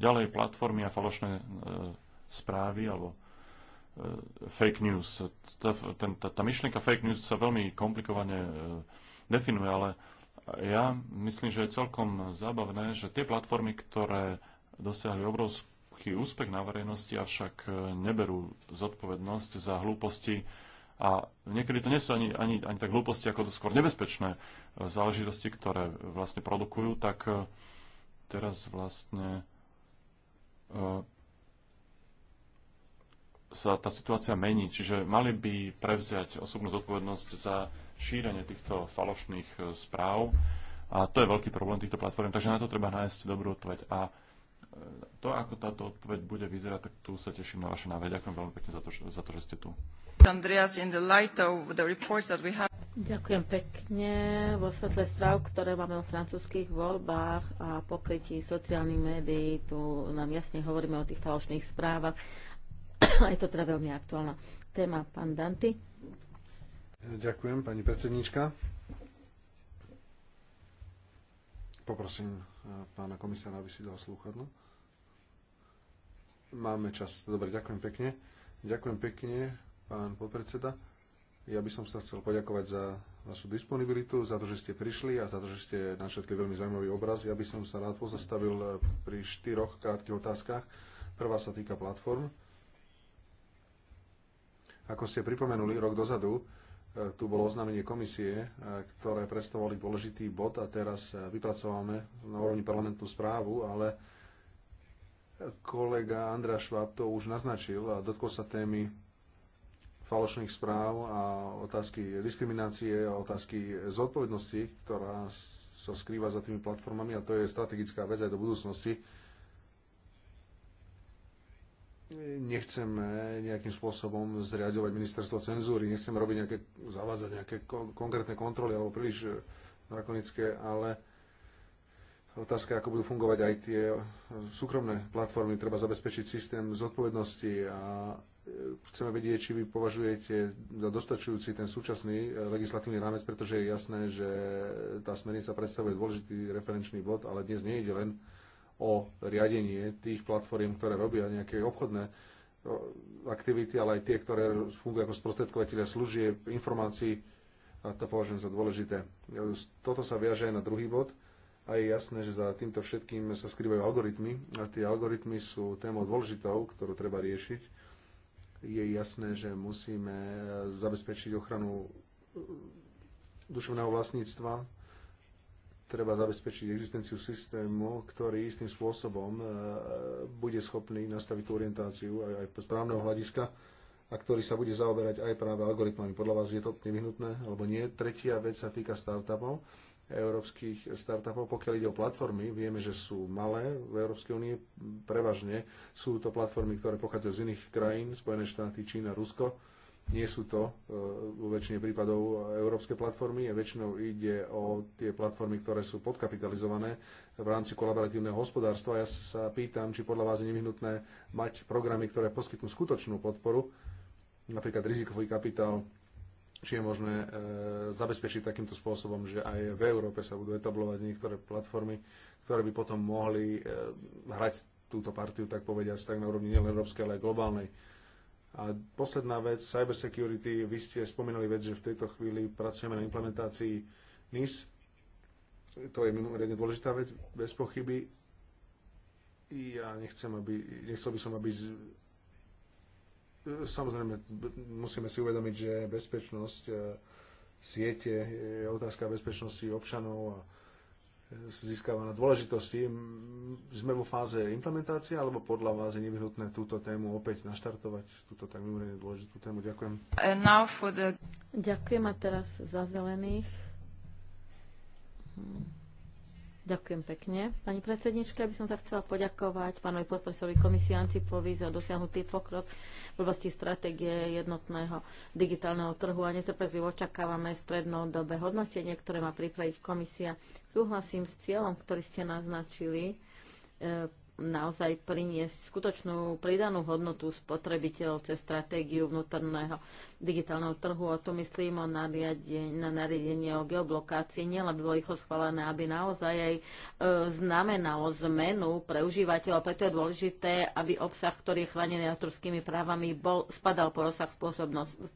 Ďalej platformy a falošné e, správy alebo e, fake news. Tá, ten, tá, tá myšlienka fake news sa veľmi komplikovane e, definuje, ale ja myslím, že je celkom zábavné, že tie platformy, ktoré dosiahli obrovský úspech na verejnosti, avšak e, neberú zodpovednosť za hlúposti, a niekedy to nie sú ani, ani, ani tak hlúposti, ako to skôr nebezpečné e, záležitosti, ktoré vlastne produkujú, tak e, teraz vlastne e, sa tá situácia mení. Čiže mali by prevziať osobnú zodpovednosť za šírenie týchto falošných správ. A to je veľký problém týchto platform, takže na to treba nájsť dobrú odpoveď. A to, ako táto odpoveď bude vyzerať, tak tu sa teším na vaše návrhy. Ďakujem veľmi pekne za to, za to že ste tu. Andreas, in the light of the reports that we have... Ďakujem pekne. Vo svetle správ, ktoré máme o francúzských voľbách a pokrytí sociálnych médií, tu nám jasne hovoríme o tých falošných správach. je to teda veľmi aktuálna téma. Pán Danty. Ďakujem, pani predsednička. Poprosím eh, pána komisára, aby si dal slúchadlo. Máme čas. Dobre, ďakujem pekne. Ďakujem pekne, pán podpredseda. Ja by som sa chcel poďakovať za vašu disponibilitu, za to, že ste prišli a za to, že ste našetli veľmi zaujímavý obraz. Ja by som sa rád pozastavil eh, pri štyroch krátkych otázkach. Prvá sa týka platform. Ako ste pripomenuli, rok dozadu eh, tu bolo oznámenie komisie, eh, ktoré predstavovali dôležitý bod a teraz vypracovávame na úrovni parlamentnú správu, ale Kolega Andrá Šváb to už naznačil a dotkol sa témy falošných správ a otázky diskriminácie a otázky zodpovednosti, ktorá sa skrýva za tými platformami a to je strategická vec aj do budúcnosti. Nechceme nejakým spôsobom zriadovať ministerstvo cenzúry, nechceme robiť nejaké, zavádzať nejaké konkrétne kontroly alebo príliš drakonické, ale Otázka, ako budú fungovať aj tie eh, súkromné platformy. Treba zabezpečiť systém zodpovednosti a eh, chceme vedieť, či vy považujete za dostačujúci ten súčasný eh, legislatívny rámec, pretože je jasné, že tá smernica predstavuje dôležitý referenčný bod, ale dnes nejde len o riadenie tých platform, ktoré robia nejaké obchodné aktivity, ale aj tie, ktoré fungujú ako sprostredkovateľia služieb, informácií. A to považujem za dôležité. Toto sa viaže aj na druhý bod a je jasné, že za týmto všetkým sa skrývajú algoritmy a tie algoritmy sú témou dôležitou, ktorú treba riešiť. Je jasné, že musíme eh, zabezpečiť ochranu eh, duševného vlastníctva, treba zabezpečiť existenciu systému, ktorý istým spôsobom eh, bude schopný nastaviť tú orientáciu aj, aj správneho hľadiska a ktorý sa bude zaoberať aj práve algoritmami. Podľa vás je to nevyhnutné alebo nie? Tretia vec sa týka startupov európskych startupov. Pokiaľ ide o platformy, vieme, že sú malé v Európskej únie. Prevažne sú to platformy, ktoré pochádzajú z iných krajín, Spojené štáty, Čína, Rusko. Nie sú to e, vo väčšine prípadov európske platformy. Väčšinou ide o tie platformy, ktoré sú podkapitalizované v rámci kolaboratívneho hospodárstva. Ja sa pýtam, či podľa vás je nevyhnutné mať programy, ktoré poskytnú skutočnú podporu, napríklad rizikový kapitál, či je možné e, zabezpečiť takýmto spôsobom, že aj v Európe sa budú etablovať niektoré platformy, ktoré by potom mohli e, hrať túto partiu, tak povediať, tak na úrovni nielen európskej, ale aj globálnej. A posledná vec, cyber security, vy ste spomínali vec, že v tejto chvíli pracujeme na implementácii NIS. To je mimoriadne dôležitá vec, bez pochyby. Ja nechcem, aby, nechcel by som, aby Samozrejme, musíme si uvedomiť, že bezpečnosť e, siete je otázka bezpečnosti občanov a získava na dôležitosti. Sme vo fáze implementácie, alebo podľa vás je nevyhnutné túto tému opäť naštartovať, túto tak mimoriadne dôležitú tému? Ďakujem. The... Ďakujem a teraz za zelených. Mhm. Ďakujem pekne. Pani predsednička, by som sa chcela poďakovať pánovi podpredsedovi komisii Ancipovi za dosiahnutý pokrok v oblasti stratégie jednotného digitálneho trhu a netrpezlivo očakávame strednou dobe hodnotenie, ktoré má pripraviť komisia. Súhlasím s cieľom, ktorý ste naznačili, e, naozaj priniesť skutočnú pridanú hodnotu spotrebiteľov cez stratégiu vnútorného digitálneho trhu. A tu myslím o nariadenie, na nariadenie o geoblokácii, nielen by bolo rýchlo schválené, aby naozaj aj e, znamenalo zmenu pre užívateľa. Preto je dôležité, aby obsah, ktorý je chránený autorskými právami, bol, spadal po rozsah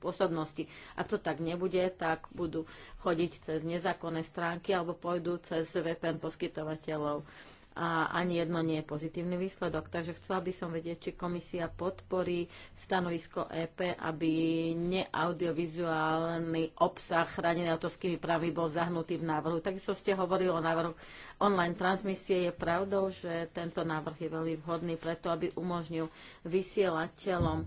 spôsobnosti. Ak to tak nebude, tak budú chodiť cez nezákonné stránky alebo pôjdu cez VPN poskytovateľov a ani jedno nie je pozitívny výsledok. Takže chcela by som vedieť, či komisia podporí stanovisko EP, aby neaudiovizuálny obsah chránený autorskými právy bol zahnutý v návrhu. Takisto ste hovorili o návrhu online transmisie. Je pravdou, že tento návrh je veľmi vhodný preto, aby umožnil vysielateľom e,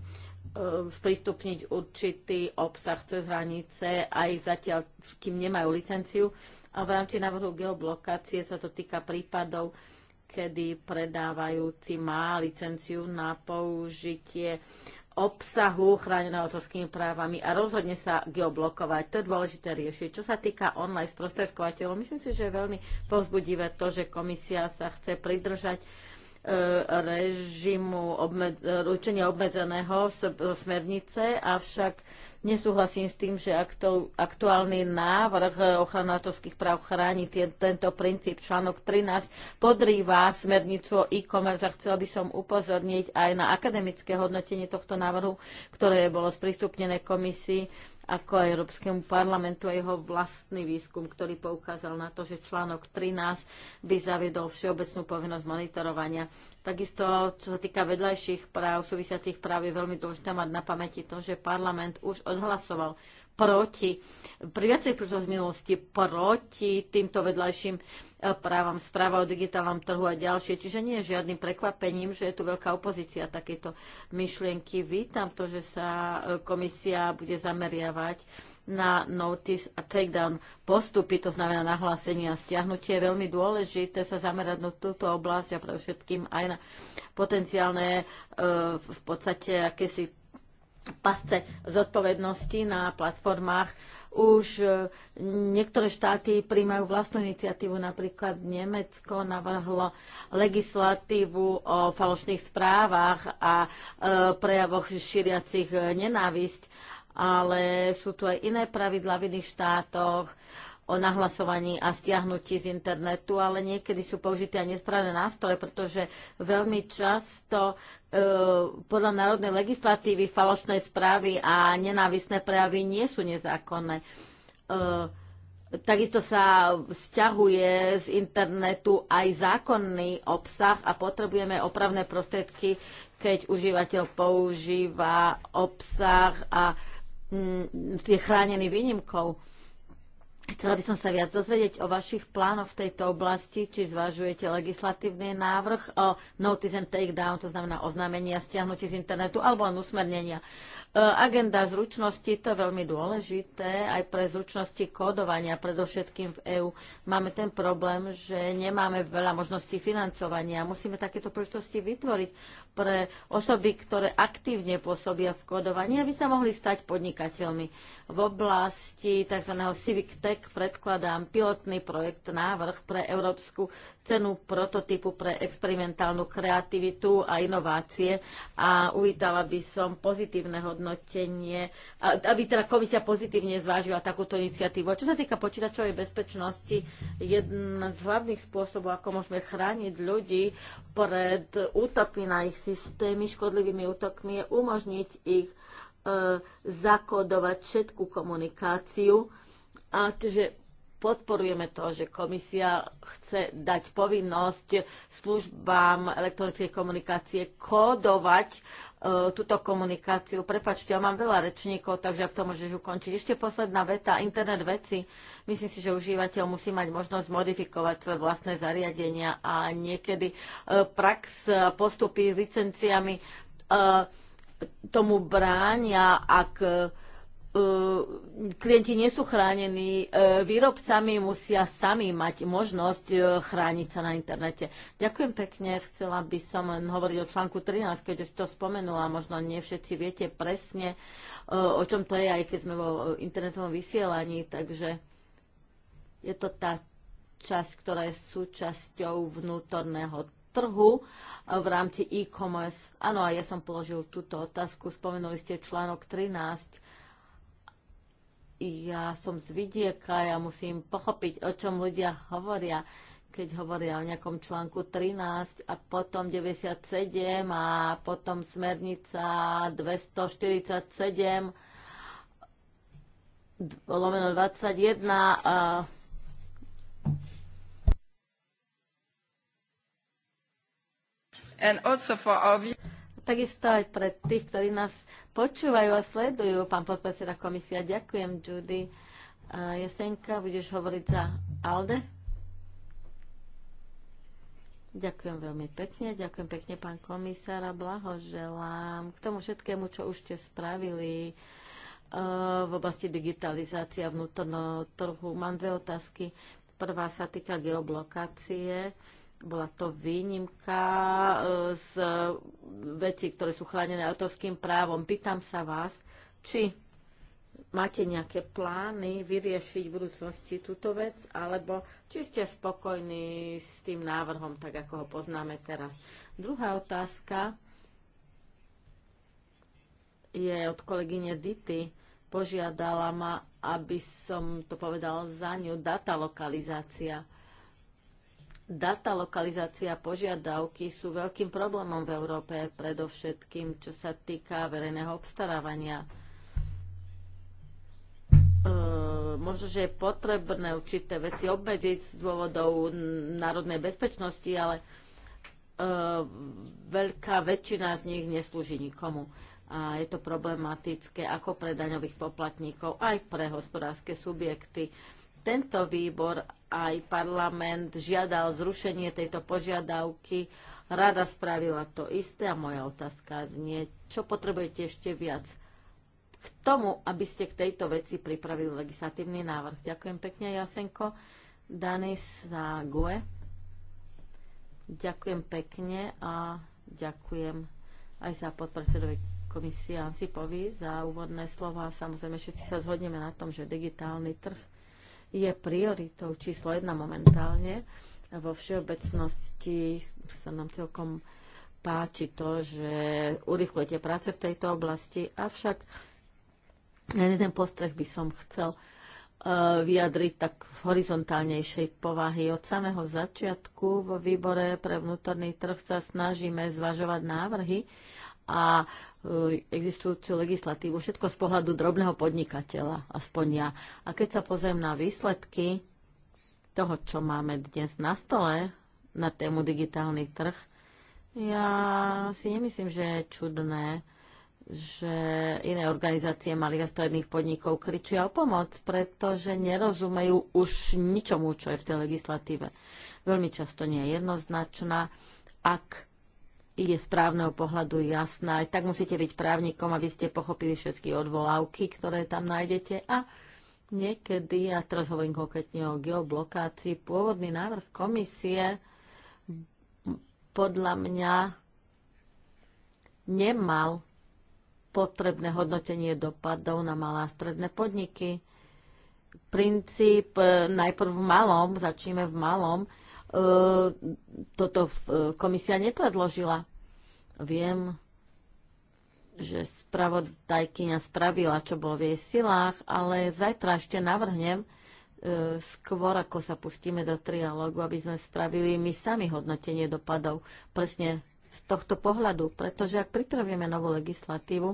sprístupniť určitý obsah cez hranice, aj zatiaľ, kým nemajú licenciu. A v rámci návrhu geoblokácie sa to týka prípadov, kedy predávajúci má licenciu na použitie obsahu chráneného autorskými právami a rozhodne sa geoblokovať. To je dôležité riešiť. Čo sa týka online sprostredkovateľov, myslím si, že je veľmi povzbudivé to, že komisia sa chce pridržať e, režimu obmed, ručenia obmedzeného smernice, avšak Nesúhlasím s tým, že aktuálny návrh eh, ochrany autorských práv chráni tento princíp. Článok 13 podrýva smernicu o e-commerce a chcela by som upozorniť aj na akademické hodnotenie tohto návrhu, ktoré bolo sprístupnené komisii ako aj Európskemu parlamentu a jeho vlastný výskum, ktorý poukázal na to, že článok 13 by zaviedol všeobecnú povinnosť monitorovania. Takisto, čo sa týka vedľajších práv, súvisiatých práv, je veľmi dôležité mať na pamäti to, že parlament už odhlasoval proti, pri viacej príležitosti minulosti proti týmto vedľajším e, právam, správa o digitálnom trhu a ďalšie. Čiže nie je žiadnym prekvapením, že je tu veľká opozícia takéto myšlienky. Vítam to, že sa e, komisia bude zameriavať na notice a takedown postupy, to znamená nahlásenie a stiahnutie. Je veľmi dôležité sa zamerať na túto oblasť a pre všetkým aj na potenciálne e, v podstate akési pasce zodpovednosti na platformách. Už e, niektoré štáty príjmajú vlastnú iniciatívu, napríklad Nemecko navrhlo legislatívu o falošných správach a e, prejavoch šíriacich e, nenávisť, ale sú tu aj iné pravidla v iných štátoch o nahlasovaní a stiahnutí z internetu, ale niekedy sú použité aj nesprávne nástroje, pretože veľmi často e, podľa národnej legislatívy falošné správy a nenávisné prejavy nie sú nezákonné. E, takisto sa vzťahuje z internetu aj zákonný obsah a potrebujeme opravné prostriedky, keď užívateľ používa obsah a mm, je chránený výnimkou Chcela by som sa viac dozvedieť o vašich plánoch v tejto oblasti, či zvažujete legislatívny návrh o notice and take down, to znamená oznámenia stiahnutie z internetu alebo len usmernenia E, agenda zručnosti, to je veľmi dôležité, aj pre zručnosti kódovania, predovšetkým v EÚ. Máme ten problém, že nemáme veľa možností financovania. Musíme takéto príležitosti vytvoriť pre osoby, ktoré aktívne pôsobia v kódovaní, aby sa mohli stať podnikateľmi. V oblasti tzv. Civic Tech predkladám pilotný projekt návrh pre Európsku cenu prototypu pre experimentálnu kreativitu a inovácie a uvítala by som pozitívne hodnoty vyhodnotenie, aby teda komisia pozitívne zvážila takúto iniciatívu. A čo sa týka počítačovej bezpečnosti, jeden z hlavných spôsobov, ako môžeme chrániť ľudí pred útokmi na ich systémy, škodlivými útokmi, je umožniť ich e, zakodovať všetku komunikáciu. A čiže podporujeme to, že komisia chce dať povinnosť službám elektronickej komunikácie kódovať E, túto komunikáciu. Prepačte, ja mám veľa rečníkov, takže ak to môžeš ukončiť. Ešte posledná veta, internet veci. Myslím si, že užívateľ musí mať možnosť modifikovať svoje vlastné zariadenia a niekedy e, prax e, postupy s licenciami tomu bránia, ak E, klienti nie sú chránení e, výrobcami, musia sami mať možnosť e, chrániť sa na internete. Ďakujem pekne, chcela by som hovoriť o článku 13, keď si to spomenula, možno nie všetci viete presne, o čom to je, aj keď sme vo internetovom vysielaní, takže je to tá časť, ktorá je súčasťou vnútorného trhu v rámci e-commerce. Áno, a ja som položil túto otázku, spomenuli ste článok 13, ja som z vidieka, ja musím pochopiť, o čom ľudia hovoria, keď hovoria o nejakom článku 13 a potom 97 a potom smernica 247 lomeno 21 a And also for our takisto aj pre tých, ktorí nás počúvajú a sledujú. Pán podpredseda komisia, ďakujem, Judy. Jesenka, budeš hovoriť za ALDE? Ďakujem veľmi pekne, ďakujem pekne pán komisár a blahoželám k tomu všetkému, čo už ste spravili e, v oblasti digitalizácie a vnútorného trhu. Mám dve otázky. Prvá sa týka geoblokácie bola to výnimka e, z veci, ktoré sú chránené autorským právom. Pýtam sa vás, či máte nejaké plány vyriešiť v budúcnosti túto vec, alebo či ste spokojní s tým návrhom, tak ako ho poznáme teraz. Druhá otázka je od kolegyne Dity. Požiadala ma, aby som to povedal za ňu, data lokalizácia Data lokalizácia požiadavky sú veľkým problémom v Európe, predovšetkým čo sa týka verejného obstarávania. E, možno, že je potrebné určité veci obmedziť z dôvodov národnej bezpečnosti, ale e, veľká väčšina z nich neslúži nikomu. A je to problematické ako pre daňových poplatníkov, aj pre hospodárske subjekty. Tento výbor aj parlament žiadal zrušenie tejto požiadavky. Rada spravila to isté a moja otázka znie, čo potrebujete ešte viac k tomu, aby ste k tejto veci pripravili legislatívny návrh. Ďakujem pekne, Jasenko. Danis za GUE. Ďakujem pekne a ďakujem aj za podpredsedovi komisie Ancipovi za úvodné slova. Samozrejme, všetci sa zhodneme na tom, že digitálny trh je prioritou číslo jedna momentálne. Vo všeobecnosti sa nám celkom páči to, že urychľujete práce v tejto oblasti, avšak jeden postreh by som chcel e, vyjadriť tak v horizontálnejšej povahy. Od samého začiatku vo výbore pre vnútorný trh sa snažíme zvažovať návrhy a existujúcu legislatívu, všetko z pohľadu drobného podnikateľa, aspoň ja. A keď sa pozriem na výsledky toho, čo máme dnes na stole na tému digitálny trh, ja si nemyslím, že je čudné, že iné organizácie malých a stredných podnikov kričia o pomoc, pretože nerozumejú už ničomu, čo je v tej legislatíve. Veľmi často nie je jednoznačná. Ak je z právneho pohľadu jasná. Aj tak musíte byť právnikom, aby ste pochopili všetky odvolávky, ktoré tam nájdete. A niekedy, a teraz hovorím konkrétne o geoblokácii, pôvodný návrh komisie podľa mňa nemal potrebné hodnotenie dopadov na malé a stredné podniky. Princíp eh, najprv v malom, začneme v malom, E, toto e, komisia nepredložila. Viem, že spravodajkyňa spravila, čo bolo v jej silách, ale zajtra ešte navrhnem, e, skôr ako sa pustíme do trialógu, aby sme spravili my sami hodnotenie dopadov presne z tohto pohľadu, pretože ak pripravíme novú legislatívu,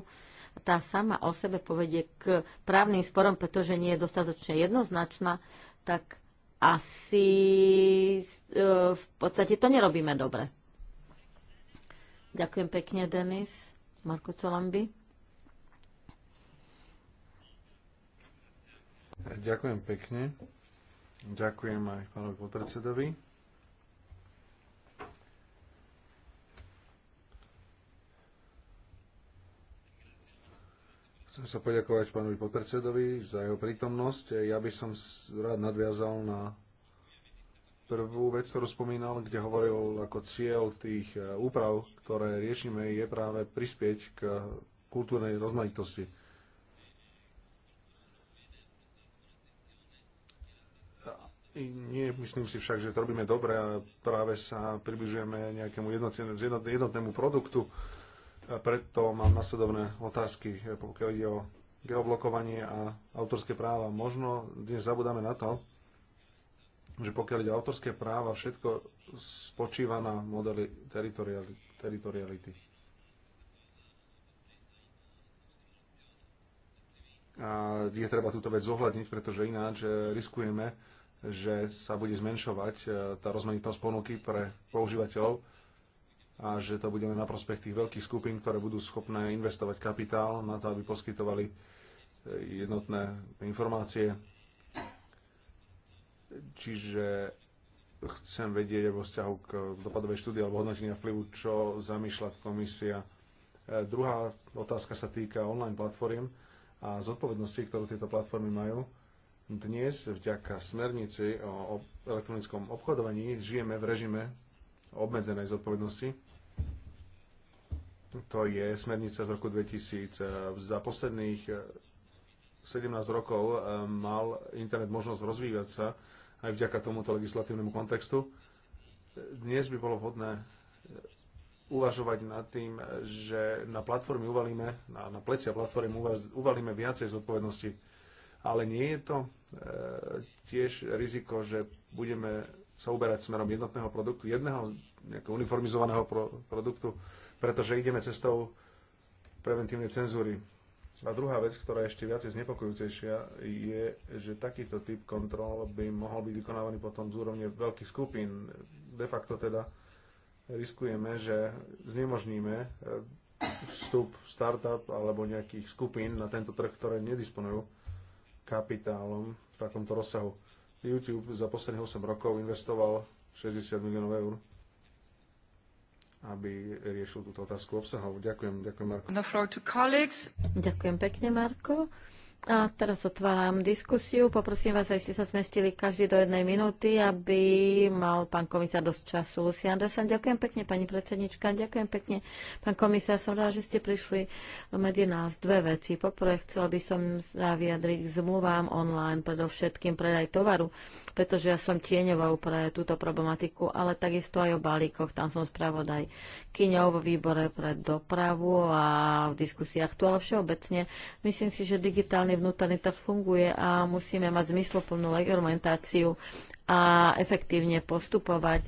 tá sama o sebe povedie k právnym sporom, pretože nie je dostatočne jednoznačná, tak asi e, v podstate to nerobíme dobre. Ďakujem pekne, Denis. Marko Colambi. Ďakujem pekne. Ďakujem aj pánovi podpredsedovi. Chcem sa poďakovať pánovi podpredsedovi za jeho prítomnosť. Ja by som rád nadviazal na prvú vec, ktorú spomínal, kde hovoril ako cieľ tých e, úprav, ktoré riešime, je práve prispieť k kultúrnej rozmanitosti. Nie, myslím si však, že to robíme dobre a práve sa približujeme nejakému jednotnému, jednotnému produktu, a preto mám nasledovné otázky, pokiaľ ide o geoblokovanie a autorské práva. Možno dnes zabudáme na to, že pokiaľ ide o autorské práva, všetko spočíva na modeli teritoriality. A je treba túto vec zohľadniť, pretože ináč e, riskujeme, že sa bude zmenšovať e, tá rozmanitosť ponuky pre používateľov a že to bude na prospech tých veľkých skupín, ktoré budú schopné investovať kapitál na to, aby poskytovali eh, jednotné informácie. Čiže chcem vedieť vo vzťahu k eh, dopadovej štúdii alebo hodnotenia vplyvu, čo zamýšľa komisia. Eh, druhá otázka sa týka online platform a zodpovednosti, ktorú tieto platformy majú. Dnes vďaka smernici o elektronickom obchodovaní žijeme v režime obmedzenej zodpovednosti. To je smernica z roku 2000. Za posledných 17 eh, rokov eh, mal internet možnosť rozvíjať sa aj vďaka tomuto legislatívnemu kontextu. Dnes by bolo vhodné eh, uvažovať nad tým, že na platformy uvalíme, na, na plecia platformy uvalíme viacej zodpovednosti. Ale nie je to e, tiež riziko, že budeme sa uberať smerom jednotného produktu, jedného nejakého uniformizovaného pro, produktu, pretože ideme cestou preventívnej cenzúry. A druhá vec, ktorá je ešte viac znepokojúcejšia, je, že takýto typ kontrol by mohol byť vykonávaný potom z úrovne veľkých skupín. De facto teda riskujeme, že znemožníme e, vstup startup alebo nejakých skupín na tento trh, ktoré nedisponujú kapitálom v takomto rozsahu. YouTube za posledných 8 rokov investoval 60 miliónov eur aby riešil túto otázku obsahov. Ďakujem, ďakujem Marko. The floor to colleagues. Ďakujem pekne, Marko. A teraz otváram diskusiu. Poprosím vás, aby ste sa zmestili každý do jednej minúty, aby mal pán komisár dosť času. Si Andersen, ďakujem pekne, pani predsednička, ďakujem pekne. Pán komisár, som rád, že ste prišli medzi nás. Dve veci. Poprvé, chcel by som sa vyjadriť k zmluvám online, predovšetkým predaj tovaru, pretože ja som tieňovou pre túto problematiku, ale takisto aj o balíkoch. Tam som spravodaj kyňov vo výbore pre dopravu a v diskusiách tu, ale všeobecne. Myslím si, že digitálny vnútorný vnútorný trh funguje a musíme mať zmysloplnú reglementáciu a efektívne postupovať.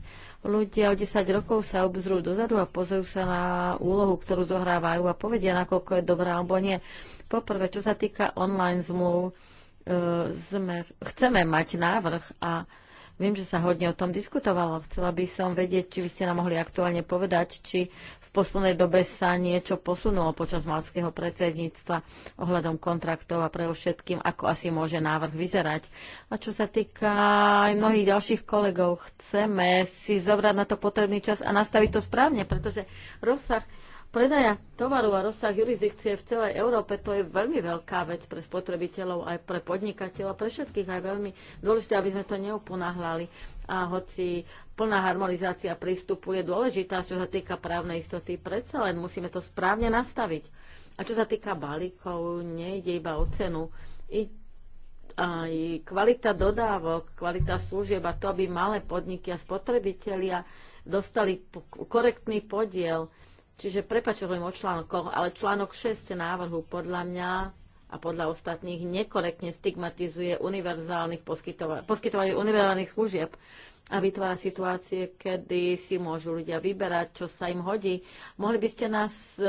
Ľudia o 10 rokov sa obzrú dozadu a pozrú sa na úlohu, ktorú zohrávajú a povedia, nakoľko je dobrá alebo nie. Poprvé, čo sa týka online zmluv, e, sme, chceme mať návrh a Viem, že sa hodne o tom diskutovalo. Chcela by som vedieť, či by ste nám mohli aktuálne povedať, či poslednej dobe sa niečo posunulo počas malckého predsedníctva ohľadom kontraktov a pre všetkým, ako asi môže návrh vyzerať. A čo sa týka aj mnohých ďalších kolegov, chceme si zobrať na to potrebný čas a nastaviť to správne, pretože rozsah predaja tovaru a rozsah jurisdikcie v celej Európe, to je veľmi veľká vec pre spotrebiteľov, aj pre podnikateľov, pre všetkých aj veľmi dôležité, aby sme to neuponahlali. A hoci plná harmonizácia prístupu je dôležitá, čo sa týka právnej istoty, predsa len musíme to správne nastaviť. A čo sa týka balíkov, nejde iba o cenu. I aj kvalita dodávok, kvalita služieb a to, aby malé podniky a spotrebitelia dostali korektný podiel Čiže prepač, hovorím o článkoch, ale článok 6 návrhu podľa mňa a podľa ostatných nekorektne stigmatizuje univerzálnych poskytovateľov univerzálnych služieb a vytvára situácie, kedy si môžu ľudia vyberať, čo sa im hodí. Mohli by ste nás e,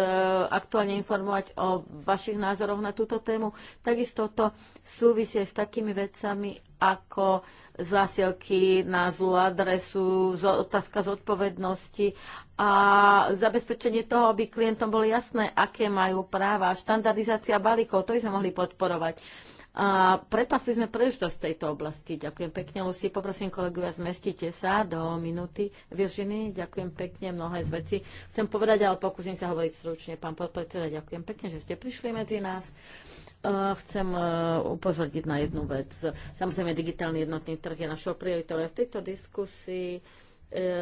aktuálne informovať o vašich názoroch na túto tému? Takisto to súvisie s takými vecami ako zásielky, názvu, adresu, z, otázka zodpovednosti a zabezpečenie toho, aby klientom bolo jasné, aké majú práva, štandardizácia balíkov, to by sme mohli podporovať a prepasli sme príležitosť v tejto oblasti. Ďakujem pekne, Lucy. Poprosím kolegovia, zmestite sa do minúty. Viržiny, ďakujem pekne, mnohé z veci. Chcem povedať, ale pokúsim sa hovoriť stručne. Pán podpredseda, ďakujem pekne, že ste prišli medzi nás. E, chcem e, upozorniť na jednu vec. Samozrejme, digitálny jednotný trh je našou prioritou. V tejto diskusii e,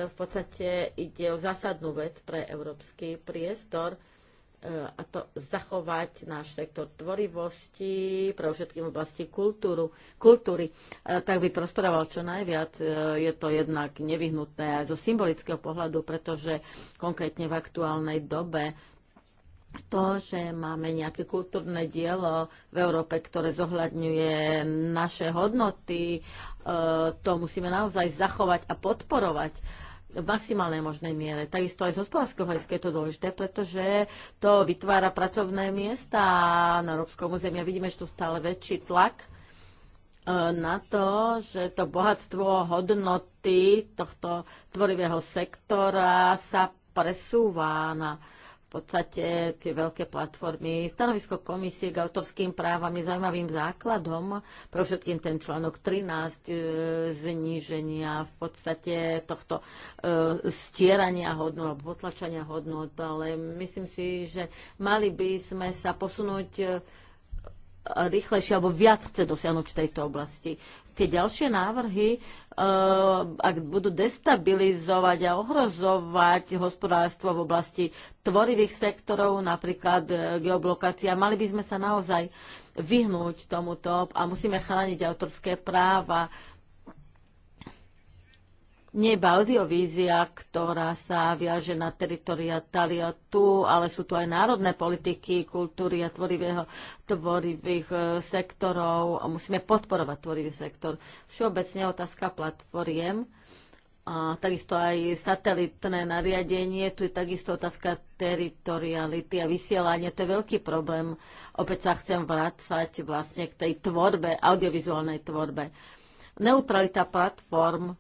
v podstate ide o zásadnú vec pre európsky priestor E, a to zachovať náš sektor tvorivosti, pre všetkým oblasti kultúru, kultúry, e, tak by prosperoval čo najviac. E, je to jednak nevyhnutné aj zo symbolického pohľadu, pretože konkrétne v aktuálnej dobe to, že máme nejaké kultúrne dielo v Európe, ktoré zohľadňuje naše hodnoty, to musíme naozaj zachovať a podporovať v maximálnej možnej miere. Takisto aj z hospodárskeho hľadiska je to dôležité, pretože to vytvára pracovné miesta na európskom území a vidíme, že to stále väčší tlak e, na to, že to bohatstvo hodnoty tohto tvorivého sektora sa presúva na podstate tie veľké platformy. Stanovisko komisie k autorským právam je zaujímavým základom, pre všetkým ten článok 13 e, zníženia v podstate tohto e, stierania hodnot potlačania hodnot, ale myslím si, že mali by sme sa posunúť e, rýchlejšie alebo viac chce dosiahnuť v tejto oblasti. Tie ďalšie návrhy, e, ak budú destabilizovať a ohrozovať hospodárstvo v oblasti tvorivých sektorov, napríklad e, geoblokácia, mali by sme sa naozaj vyhnúť tomuto a musíme chrániť autorské práva neba audiovízia, ktorá sa viaže na teritoria Taliatu, ale sú tu aj národné politiky, kultúry a tvorivého, tvorivých e, sektorov. A musíme podporovať tvorivý sektor. Všeobecne otázka platformiem. A takisto aj satelitné nariadenie, tu je takisto otázka teritoriality a vysielanie, to je veľký problém. Opäť sa chcem vrácať vlastne k tej tvorbe, audiovizuálnej tvorbe. Neutralita platform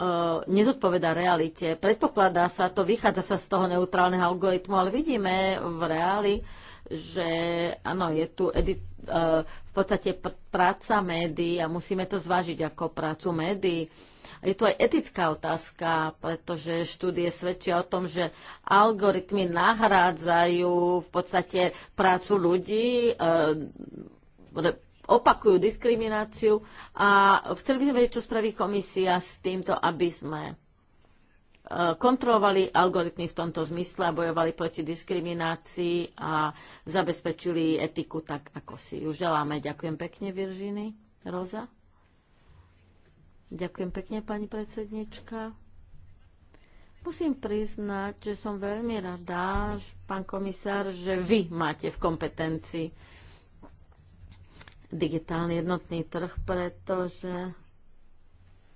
E, nezodpovedá realite. Predpokladá sa to, vychádza sa z toho neutrálneho algoritmu, ale vidíme v reáli, že áno, je tu edit, uh, v podstate pr- práca médií a musíme to zvážiť ako prácu médií. Je tu aj etická otázka, pretože štúdie svedčia o tom, že algoritmy nahrádzajú v podstate prácu ľudí, uh, opakujú diskrimináciu a chceli by sme vedieť, čo spraví komisia s týmto, aby sme e, kontrolovali algoritmy v tomto zmysle a bojovali proti diskriminácii a zabezpečili etiku tak, ako si ju želáme. Ďakujem pekne, Viržiny. Roza? Ďakujem pekne, pani predsednička. Musím priznať, že som veľmi rada, pán komisár, že vy máte v kompetencii digitálny jednotný trh, pretože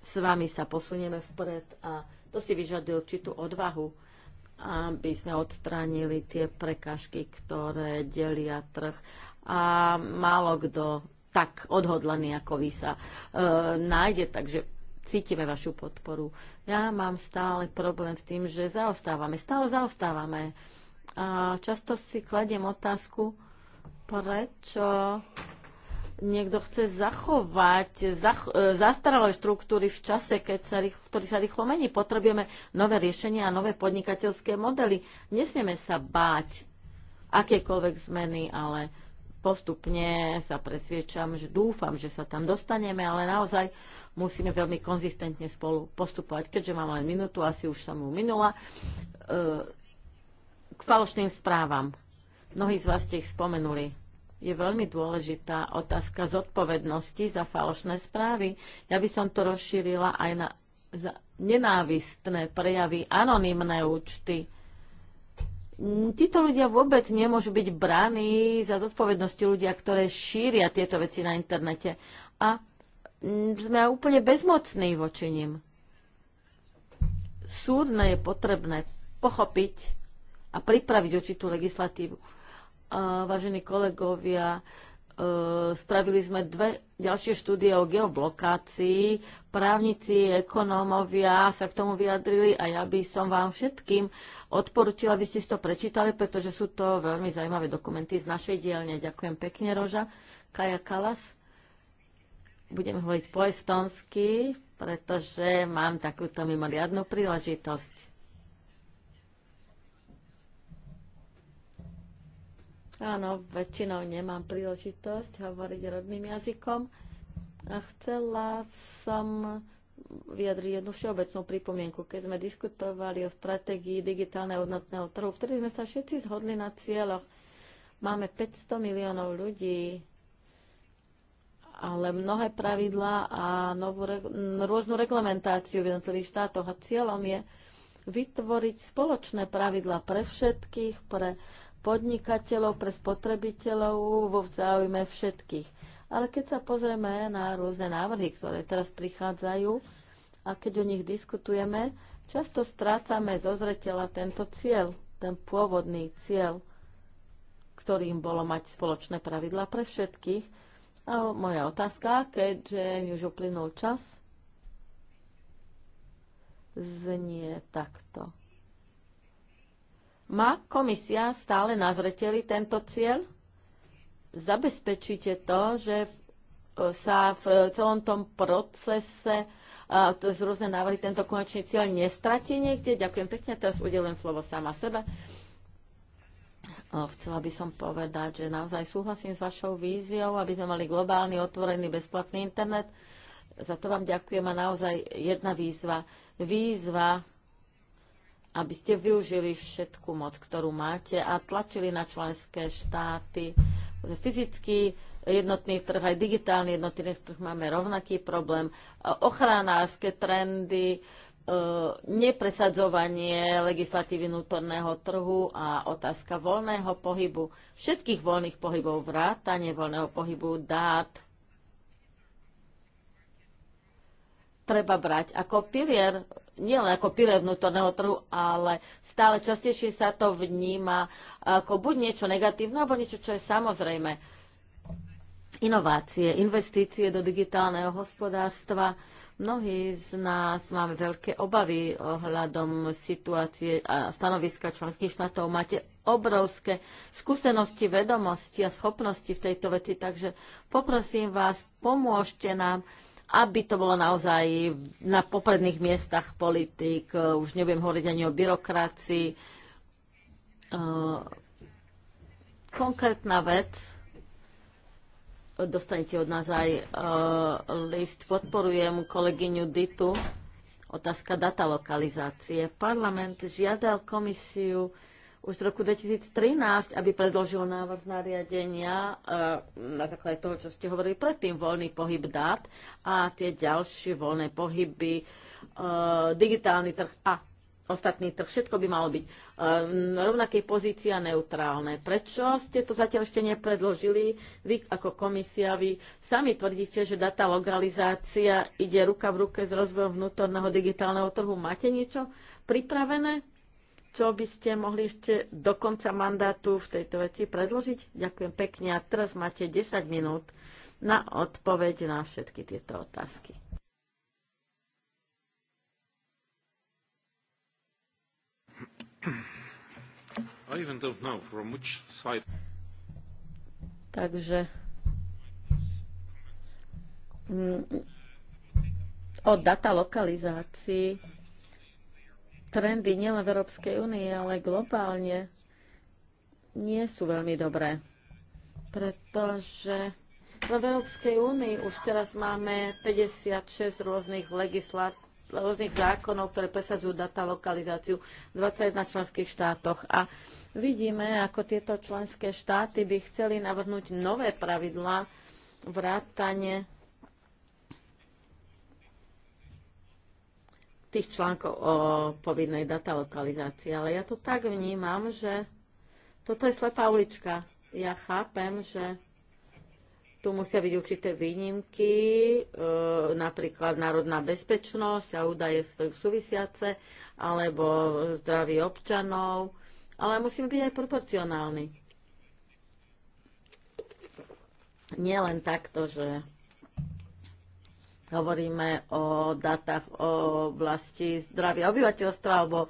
s vami sa posunieme vpred a to si vyžaduje určitú odvahu, aby sme odstránili tie prekažky, ktoré delia trh. A málo kto tak odhodlaný ako vy sa e, nájde, takže cítime vašu podporu. Ja mám stále problém s tým, že zaostávame, stále zaostávame. A často si kladiem otázku, prečo niekto chce zachovať zach- e, zastaralé štruktúry v čase, keď sa rých- ktorý sa rýchlo mení. Potrebujeme nové riešenia a nové podnikateľské modely. Nesmieme sa báť akékoľvek zmeny, ale postupne sa presviečam, že dúfam, že sa tam dostaneme, ale naozaj musíme veľmi konzistentne spolu postupovať. Keďže mám len minútu, asi už som ju minula, e, k falošným správam. Mnohí z vás ste ich spomenuli je veľmi dôležitá otázka zodpovednosti za falošné správy. Ja by som to rozšírila aj na za nenávistné prejavy, anonymné účty. Mm, títo ľudia vôbec nemôžu byť braní za zodpovednosti ľudia, ktoré šíria tieto veci na internete. A mm, sme úplne bezmocní voči nim. Súdne je potrebné pochopiť a pripraviť určitú legislatívu vážení kolegovia, e, spravili sme dve ďalšie štúdie o geoblokácii. Právnici, ekonómovia sa k tomu vyjadrili a ja by som vám všetkým odporúčila, aby ste si to prečítali, pretože sú to veľmi zaujímavé dokumenty z našej dielne. Ďakujem pekne, Roža. Kaja Kalas. Budem hovoriť po estonsky, pretože mám takúto mimoriadnú príležitosť. Áno, väčšinou nemám príležitosť hovoriť rodným jazykom. A chcela som vyjadriť jednu všeobecnú pripomienku. Keď sme diskutovali o stratégii digitálneho hodnotného trhu, vtedy sme sa všetci zhodli na cieľoch. Máme 500 miliónov ľudí, ale mnohé pravidlá a novú, rôznu reglementáciu v jednotlivých štátoch. A cieľom je vytvoriť spoločné pravidlá pre všetkých, pre podnikateľov, pre spotrebiteľov vo záujme všetkých. Ale keď sa pozrieme na rôzne návrhy, ktoré teraz prichádzajú a keď o nich diskutujeme, často strácame zo zretela tento cieľ, ten pôvodný cieľ, ktorým bolo mať spoločné pravidlá pre všetkých. A moja otázka, keďže mi už uplynul čas, znie takto. Má komisia stále na zreteli tento cieľ? Zabezpečíte to, že sa v celom tom procese to z rôzne návrhy tento konečný cieľ nestratí niekde? Ďakujem pekne, teraz udelujem slovo sama sebe. Chcela by som povedať, že naozaj súhlasím s vašou víziou, aby sme mali globálny, otvorený, bezplatný internet. Za to vám ďakujem a naozaj jedna výzva. Výzva aby ste využili všetku moc, ktorú máte a tlačili na členské štáty. Fyzicky jednotný trh, aj digitálny jednotný trh máme rovnaký problém. Ochranárske trendy, e, nepresadzovanie legislatívy vnútorného trhu a otázka voľného pohybu, všetkých voľných pohybov, vrátanie voľného pohybu dát, treba brať ako pilier, nielen ako pilier vnútorného trhu, ale stále častejšie sa to vníma ako buď niečo negatívne, alebo niečo, čo je samozrejme. Inovácie, investície do digitálneho hospodárstva. Mnohí z nás máme veľké obavy ohľadom situácie a stanoviska členských štátov. Máte obrovské skúsenosti, vedomosti a schopnosti v tejto veci, takže poprosím vás, pomôžte nám aby to bolo naozaj na popredných miestach politik. E, už nebudem hovoriť ani o byrokracii. E, konkrétna vec, dostanete od nás aj e, list, podporujem kolegyňu Ditu, otázka data lokalizácie. Parlament žiadal komisiu už v roku 2013, aby predložil návrh nariadenia e, na základe toho, čo ste hovorili predtým, voľný pohyb dát a tie ďalšie voľné pohyby, e, digitálny trh a ostatný trh, všetko by malo byť e, rovnakej pozícii a neutrálne. Prečo ste to zatiaľ ešte nepredložili? Vy ako komisia, vy sami tvrdíte, že data lokalizácia ide ruka v ruke s rozvojom vnútorného digitálneho trhu. Máte niečo pripravené? čo by ste mohli ešte do konca mandátu v tejto veci predložiť? Ďakujem pekne a teraz máte 10 minút na odpoveď na všetky tieto otázky. I even don't know from which side. Takže mm, o data lokalizácii trendy nielen v Európskej únii, ale globálne nie sú veľmi dobré. Pretože v Európskej únii už teraz máme 56 rôznych legislat rôznych zákonov, ktoré presadzujú data lokalizáciu v 21 členských štátoch. A vidíme, ako tieto členské štáty by chceli navrhnúť nové pravidlá vrátane tých článkov o povinnej datalokalizácii, ale ja to tak vnímam, že toto je slepá ulička. Ja chápem, že tu musia byť určité výnimky, e, napríklad národná bezpečnosť a údaje súvisiace, alebo zdraví občanov, ale musíme byť aj proporcionálni. Nie len takto, že Hovoríme o datách o oblasti zdravia obyvateľstva alebo eh,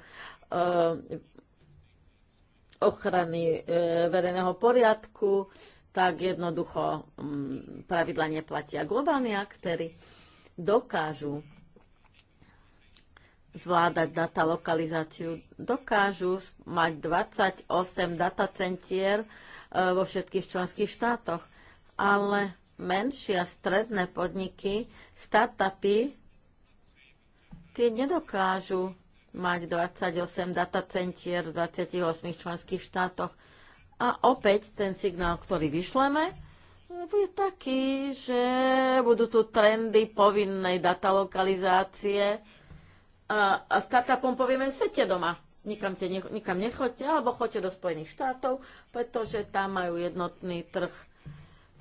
ochrany eh, verejného poriadku, tak jednoducho mm, pravidla neplatia. Globálni aktéry dokážu zvládať data lokalizáciu. Dokážu mať 28 datacentier eh, vo všetkých členských štátoch, ale menšie a stredné podniky startupy tie nedokážu mať 28 datacentier v 28 členských štátoch. A opäť ten signál, ktorý vyšleme, bude taký, že budú tu trendy povinnej datalokalizácie a, a startupom povieme, sedte doma, nikam, te, nikam nechoďte, alebo choďte do Spojených štátov, pretože tam majú jednotný trh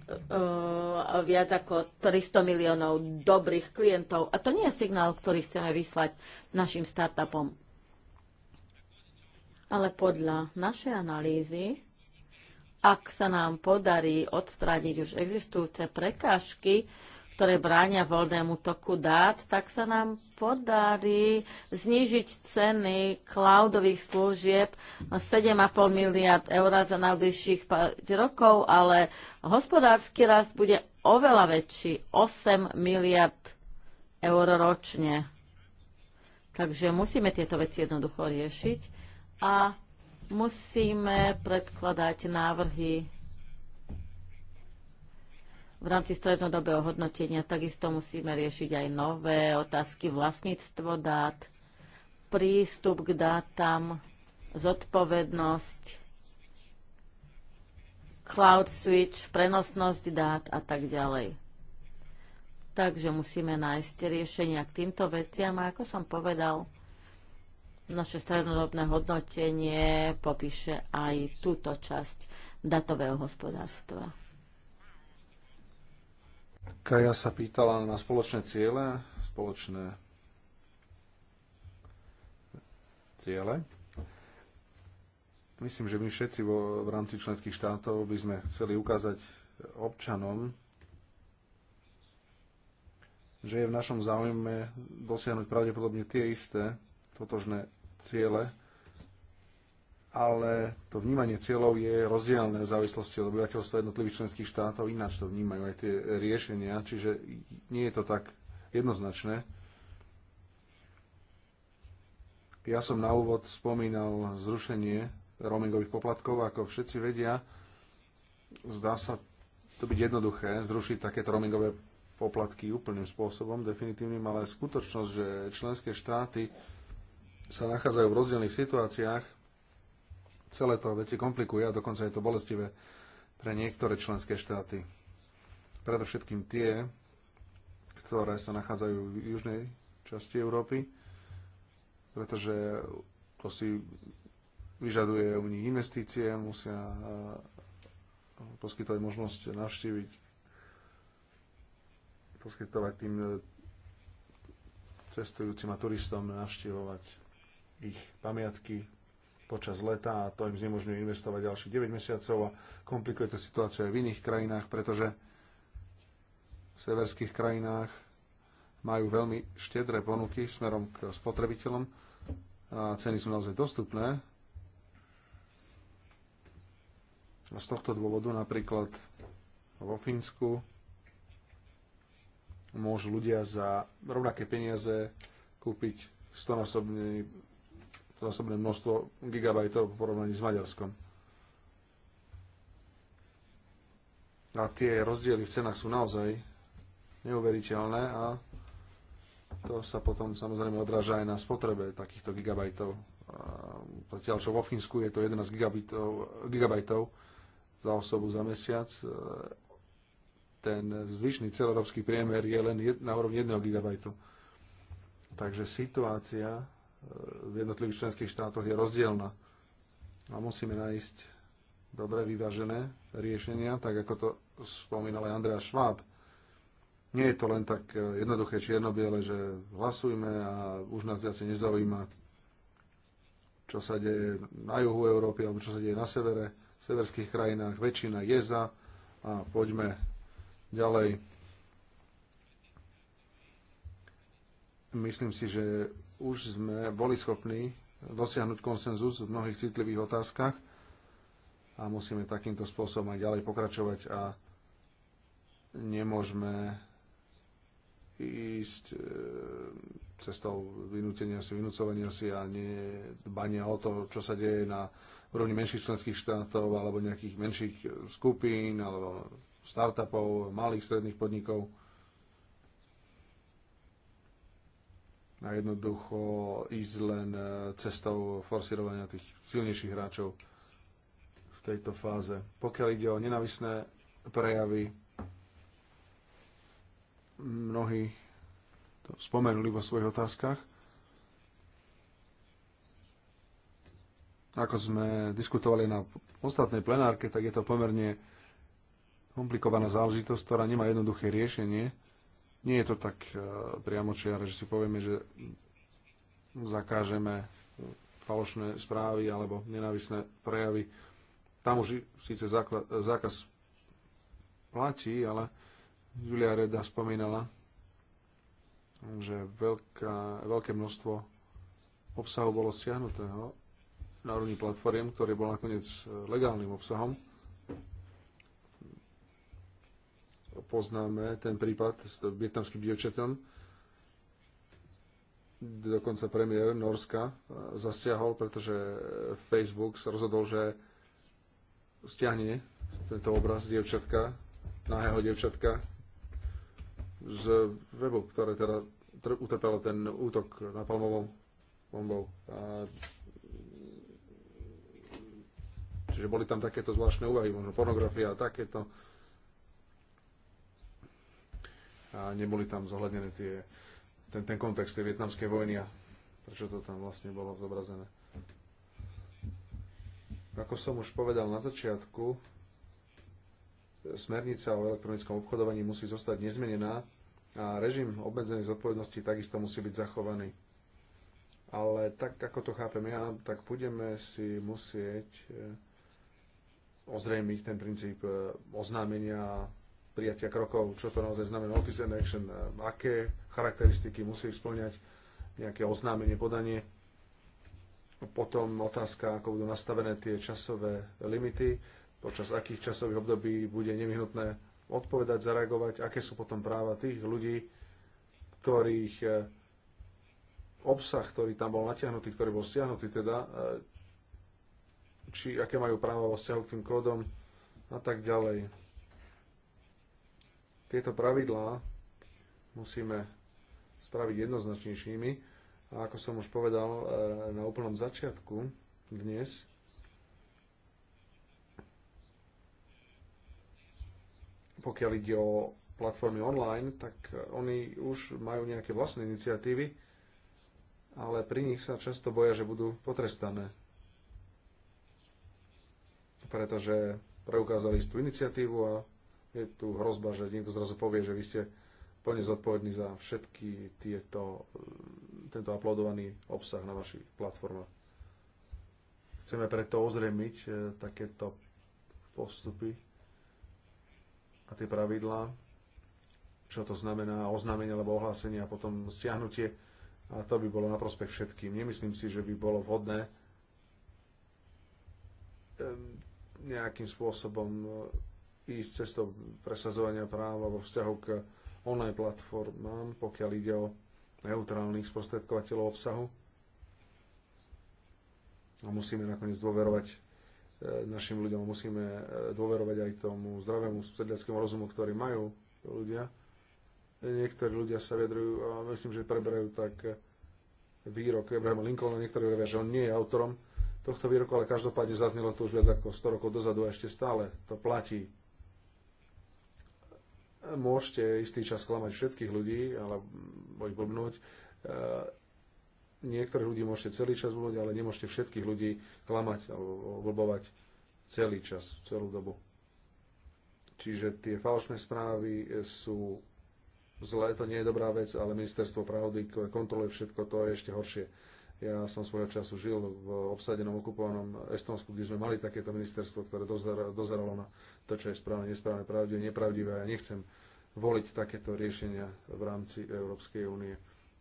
Eh, viac ako 300 miliónov dobrých klientov. A to nie je signál, ktorý chceme vyslať našim startupom. Ale podľa našej analýzy, ak sa nám podarí odstrániť už existujúce prekážky, ktoré bránia voľnému toku dát, tak sa nám podarí znížiť ceny cloudových služieb na 7,5 miliard eur za najbližších 5 rokov, ale hospodársky rast bude oveľa väčší, 8 miliard eur ročne. Takže musíme tieto veci jednoducho riešiť a musíme predkladať návrhy v rámci strednodobého hodnotenia takisto musíme riešiť aj nové otázky vlastníctvo dát, prístup k dátam, zodpovednosť, cloud switch, prenosnosť dát a tak ďalej. Takže musíme nájsť riešenia k týmto veciam a ako som povedal, naše strednodobné hodnotenie popíše aj túto časť datového hospodárstva. Kaja sa pýtala na spoločné ciele, spoločné ciele. Myslím, že my všetci vo, v rámci členských štátov by sme chceli ukázať občanom, že je v našom záujme dosiahnuť pravdepodobne tie isté totožné ciele, ale to vnímanie cieľov je rozdielne v závislosti od obyvateľstva jednotlivých členských štátov, ináč to vnímajú aj tie riešenia, čiže nie je to tak jednoznačné. Ja som na úvod spomínal zrušenie roamingových poplatkov, ako všetci vedia, zdá sa to byť jednoduché zrušiť takéto roamingové poplatky úplným spôsobom, definitívnym, ale skutočnosť, že členské štáty sa nachádzajú v rozdielnych situáciách, celé to veci komplikuje a dokonca je to bolestivé pre niektoré členské štáty. Predovšetkým tie, ktoré sa nachádzajú v južnej časti Európy, pretože to si vyžaduje u nich investície, musia eh, poskytovať možnosť navštíviť, poskytovať tým eh, cestujúcim a turistom navštívovať ich pamiatky, počas leta a to im znemožňuje investovať ďalších 9 mesiacov a komplikuje to situáciu aj v iných krajinách, pretože v severských krajinách majú veľmi štedré ponuky smerom k spotrebiteľom a ceny sú naozaj dostupné. A z tohto dôvodu napríklad vo Fínsku môžu ľudia za rovnaké peniaze kúpiť stonásobný zásobné množstvo gigabajtov v porovnaní s Maďarskom. A tie rozdiely v cenách sú naozaj neuveriteľné a to sa potom samozrejme odráža aj na spotrebe takýchto gigabajtov. Zatiaľ, čo vo Fínsku je to 11 gigabajtov za osobu za mesiac, e, ten zvyšný celorovský priemer je len na úrovni 1 gigabajtu. Takže situácia v jednotlivých členských štátoch je rozdielna. A musíme nájsť dobre vyvážené riešenia, tak ako to spomínal aj Andrea Schwab. Nie je to len tak eh, jednoduché čierno-biele, že hlasujme a už nás viacej nezaujíma, čo sa deje na juhu Európy alebo čo sa deje na severe, v severských krajinách. Väčšina je za a poďme ďalej. Myslím si, že už sme boli schopní dosiahnuť konsenzus v mnohých citlivých otázkach a musíme takýmto spôsobom aj ďalej pokračovať a nemôžeme ísť e, cestou vynútenia si, vynúcovania si a nedbania o to, čo sa deje na úrovni menších členských štátov alebo nejakých menších skupín alebo startupov, malých stredných podnikov. a jednoducho ísť len e, cestou forsirovania tých silnejších hráčov v tejto fáze. Pokiaľ ide o nenavisné prejavy, mnohí to spomenuli vo svojich otázkach. Ako sme diskutovali na ostatnej plenárke, tak je to pomerne komplikovaná záležitosť, ktorá nemá jednoduché riešenie nie je to tak e, priamočiare, že si povieme, že zakážeme falošné správy alebo nenávisné prejavy. Tam už síce zákaz platí, ale Julia Reda spomínala, že veľká, veľké množstvo obsahu bolo stiahnutého no, na úrovni platform, ktorý bol nakoniec e, legálnym obsahom. poznáme ten prípad s vietnamským dievčatom. Dokonca premiér Norska eh, zasiahol, pretože Facebook sa rozhodol, že stiahne tento obraz dievčatka, nahého dievčatka z webu, ktoré teda utrpelo ten útok na palmovou bombou. A Čiže boli tam takéto zvláštne úvahy, možno pornografia a takéto a neboli tam zohľadnené tie, ten, ten kontext tej vietnamskej vojny a prečo to tam vlastne bolo zobrazené. Ako som už povedal na začiatku, smernica o elektronickom obchodovaní musí zostať nezmenená a režim obmedzenej zodpovednosti takisto musí byť zachovaný. Ale tak, ako to chápem ja, tak budeme si musieť eh, ozrejmiť ten princíp eh, oznámenia prijatia krokov, čo to naozaj znamená Office and action, aké charakteristiky musí splňať nejaké oznámenie, podanie. Potom otázka, ako budú nastavené tie časové limity, počas akých časových období bude nevyhnutné odpovedať, zareagovať, aké sú potom práva tých ľudí, ktorých e, obsah, ktorý tam bol natiahnutý, ktorý bol stiahnutý, teda, e, či aké majú práva vo vzťahu k tým kódom a tak ďalej tieto pravidlá musíme spraviť jednoznačnejšími. A ako som už povedal e, na úplnom začiatku dnes, pokiaľ ide o platformy online, tak oni už majú nejaké vlastné iniciatívy, ale pri nich sa často boja, že budú potrestané. Pretože preukázali istú iniciatívu a je tu hrozba, že niekto zrazu povie, že vy ste plne zodpovední za všetky tieto, eh, tento uploadovaný obsah na vašich platformách. Chceme preto ozremiť eh, takéto postupy a tie pravidlá, čo to znamená oznámenie alebo ohlásenie a potom stiahnutie a to by bolo na prospech všetkým. Nemyslím si, že by bolo vhodné eh, nejakým spôsobom ísť cestou presazovania práva vo vzťahu k online platformám, pokiaľ ide o neutrálnych sprostredkovateľov obsahu. A musíme nakoniec dôverovať e, našim ľuďom, musíme e, dôverovať aj tomu zdravému sedliackému rozumu, ktorý majú ľudia. Niektorí ľudia sa vedrujú, a myslím, že preberajú tak e, výrok Abrahama Lincolna, niektorí hovoria, že on nie je autorom tohto výroku, ale každopádne zaznelo to už viac ako 100 rokov dozadu a ešte stále to platí môžete istý čas klamať všetkých ľudí ale ich blbnúť. E, niektorých ľudí môžete celý čas blbnúť, ale nemôžete všetkých ľudí klamať alebo blbovať celý čas, celú dobu. Čiže tie falošné správy sú zlé, to nie je dobrá vec, ale ministerstvo pravdy kontroluje všetko, to je ešte horšie. Ja som svojho času žil v obsadenom, okupovanom Estonsku, kde sme mali takéto ministerstvo, ktoré dozeralo na to, čo je správne, nesprávne, pravdivé, nepravdivé. Ja nechcem voliť takéto riešenia v rámci Európskej únie.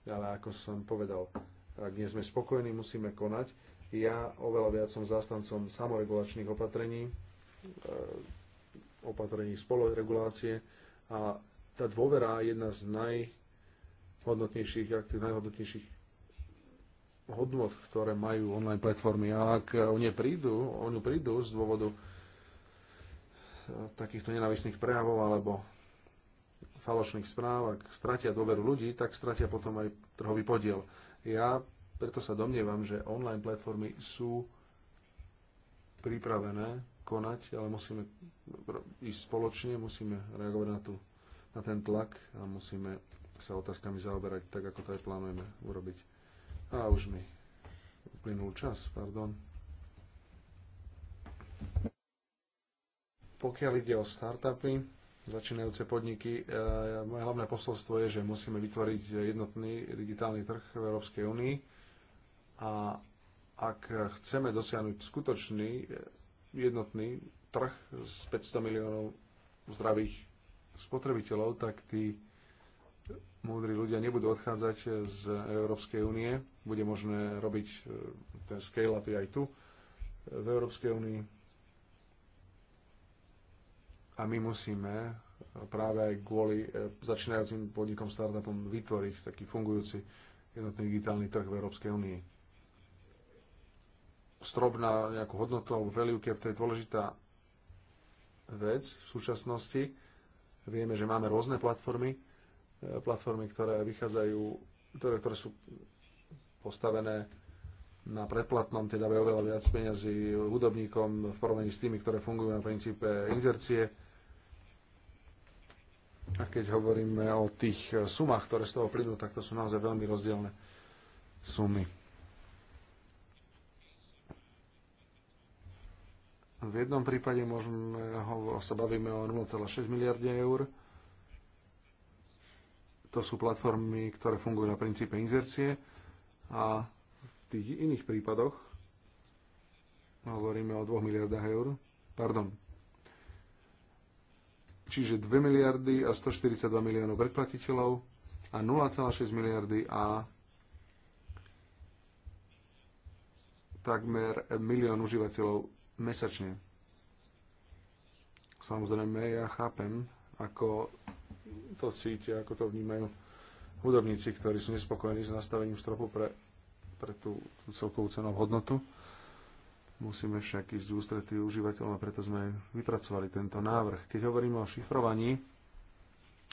Ale ako som povedal, ak nie sme spokojní, musíme konať. Ja oveľa viac som zástancom samoregulačných opatrení, eh, opatrení spoloregulácie a tá dôvera je jedna z najhodnotnejších, najhodnotnejších hodnot, ktoré majú online platformy. A ak o ne prídu, o ňu prídu z dôvodu e, takýchto nenavisných prejavov alebo falošných správ, ak stratia dôveru ľudí, tak stratia potom aj trhový podiel. Ja preto sa domnievam, že online platformy sú pripravené konať, ale musíme ísť spoločne, musíme reagovať na, tú, na ten tlak a musíme sa otázkami zaoberať tak, ako to aj plánujeme urobiť. A už mi uplynul čas, pardon. Pokiaľ ide o startupy, začínajúce podniky, e, moje hlavné posolstvo je, že musíme vytvoriť jednotný digitálny trh v Európskej únii a ak chceme dosiahnuť skutočný e, jednotný trh s 500 miliónov zdravých spotrebiteľov, tak tí múdri ľudia nebudú odchádzať z Európskej únie bude možné robiť e, ten scale-up aj tu e, v Európskej únii. A my musíme práve aj kvôli e, začínajúcim podnikom, startupom vytvoriť taký fungujúci jednotný digitálny trh v Európskej únii. Strop na nejakú hodnotu alebo value cap, to je dôležitá vec v súčasnosti. Vieme, že máme rôzne platformy, platformy, ktoré vychádzajú, ktoré, ktoré sú postavené na predplatnom, teda dajú oveľa viac peňazí hudobníkom v porovnaní s tými, ktoré fungujú na princípe inzercie. A keď hovoríme o tých sumách, ktoré z toho plynú, tak to sú naozaj veľmi rozdielne sumy. V jednom prípade môžeme, sa bavíme o 0,6 miliardy eur. To sú platformy, ktoré fungujú na princípe inzercie a v tých iných prípadoch hovoríme o 2 miliardách eur. Pardon. Čiže 2 miliardy a 142 miliónov predplatiteľov a 0,6 miliardy a takmer milión užívateľov mesačne. Samozrejme, ja chápem, ako to cítia, ako to vnímajú hudobníci, ktorí sú nespokojení s nastavením stropu pre, pre tú, tú celkovú cenovú hodnotu. Musíme však ísť ústretí užívateľom a preto sme vypracovali tento návrh. Keď hovoríme o šifrovaní,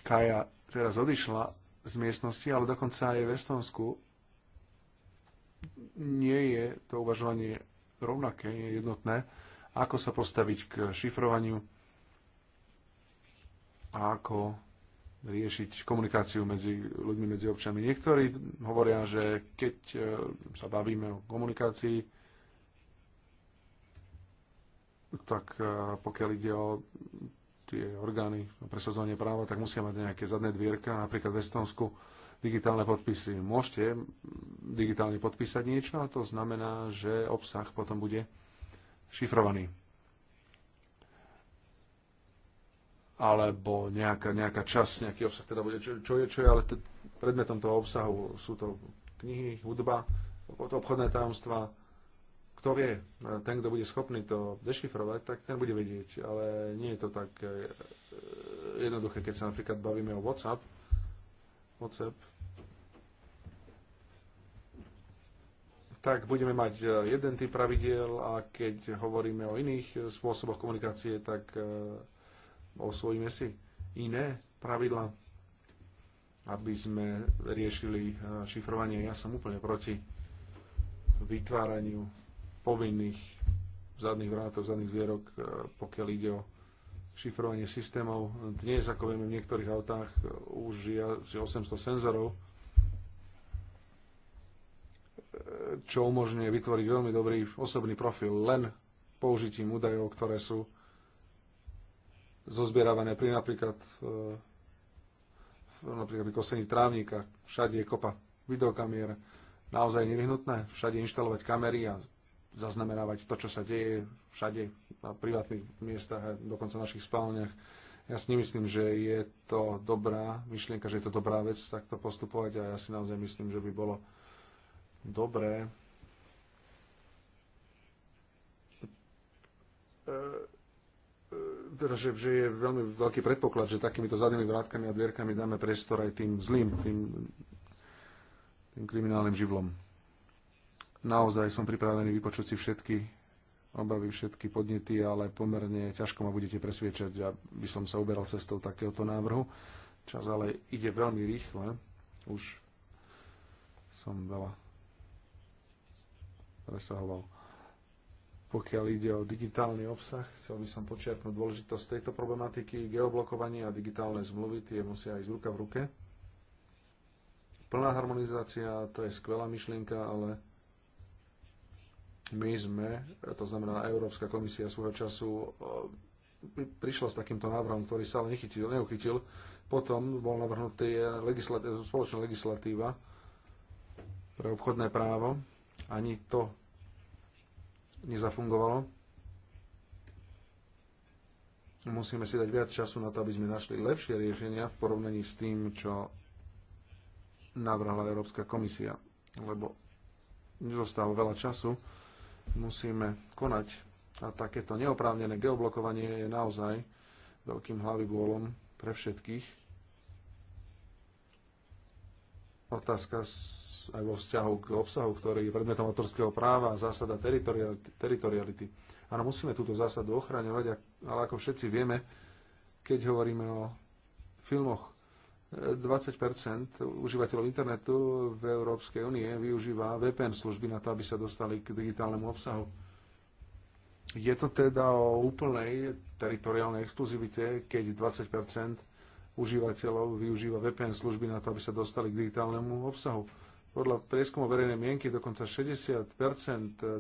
Kaja teraz odišla z miestnosti, ale dokonca aj v Estonsku nie je to uvažovanie rovnaké, nie je jednotné, ako sa postaviť k šifrovaniu a ako riešiť komunikáciu medzi ľuďmi, medzi občanmi. Niektorí hovoria, že keď e, sa bavíme o komunikácii, tak e, pokiaľ ide o tie orgány na presadzovanie práva, tak musia mať nejaké zadné dvierka, napríklad v Estonsku digitálne podpisy. Môžete digitálne podpísať niečo a to znamená, že obsah potom bude šifrovaný. alebo nejaká, nejaká časť, nejaký obsah teda bude, čo, čo je, čo je, ale t- predmetom toho obsahu sú to knihy, hudba, obchodné tajomstva, kto vie, e, ten, kto bude schopný to dešifrovať, tak ten bude vedieť, ale nie je to tak e, jednoduché, keď sa napríklad bavíme o WhatsApp, WhatsApp, tak budeme mať e, jeden typ pravidiel a keď hovoríme o iných spôsoboch komunikácie, tak osvojíme si iné pravidla, aby sme riešili eh, šifrovanie. Ja som úplne proti vytváraniu povinných zadných vrátov, zadných zvierok, eh, pokiaľ ide o šifrovanie systémov. Dnes, ako vieme, v niektorých autách eh, už je asi 800 senzorov, čo umožňuje vytvoriť veľmi dobrý osobný profil len použitím údajov, ktoré sú zozbieravané pri napríklad e, napríklad pri kosení trávnika, všade je kopa videokamier, naozaj nevyhnutné všade inštalovať kamery a zaznamenávať to, čo sa deje všade na privátnych miestach a dokonca v našich spálniach. Ja si nemyslím, že je to dobrá myšlienka, že je to dobrá vec takto postupovať a ja si naozaj myslím, že by bolo dobré e, teda, že, že je veľmi veľký predpoklad, že takýmito zadnými vrátkami a dvierkami dáme priestor aj tým zlým, tým, tým kriminálnym živlom. Naozaj som pripravený vypočuť si všetky obavy, všetky podnety, ale pomerne ťažko ma budete presviečať, aby som sa uberal cestou takéhoto návrhu. Čas ale ide veľmi rýchle. Už som veľa presahoval. Pokiaľ ide o digitálny obsah, chcel by som počiarknúť dôležitosť tejto problematiky. Geoblokovanie a digitálne zmluvy, tie musia ísť ruka v ruke. Plná harmonizácia, to je skvelá myšlienka, ale my sme, to znamená Európska komisia svojho času e, prišla s takýmto návrhom, ktorý sa ale nechytil, neuchytil. Potom bol navrhnutý e, legislatíva, e, spoločná legislatíva pre obchodné právo. Ani to nezafungovalo. Musíme si dať viac času na to, aby sme našli lepšie riešenia v porovnaní s tým, čo navrhla Európska komisia, lebo nezostáva veľa času. Musíme konať a takéto neoprávnené geoblokovanie je naozaj veľkým bôlom pre všetkých. Otázka aj vo vzťahu k obsahu, ktorý je predmetom autorského práva, a zásada teritoriality. Áno, musíme túto zásadu ochraňovať, ale ako všetci vieme, keď hovoríme o filmoch, 20 e, užívateľov internetu v Európskej únie využíva VPN služby na to, aby sa dostali k digitálnemu obsahu. Je to teda o úplnej teritoriálnej exkluzivite, keď 20 užívateľov využíva VPN služby na to, aby sa dostali k digitálnemu obsahu. Podľa prieskumu verejnej mienky dokonca 60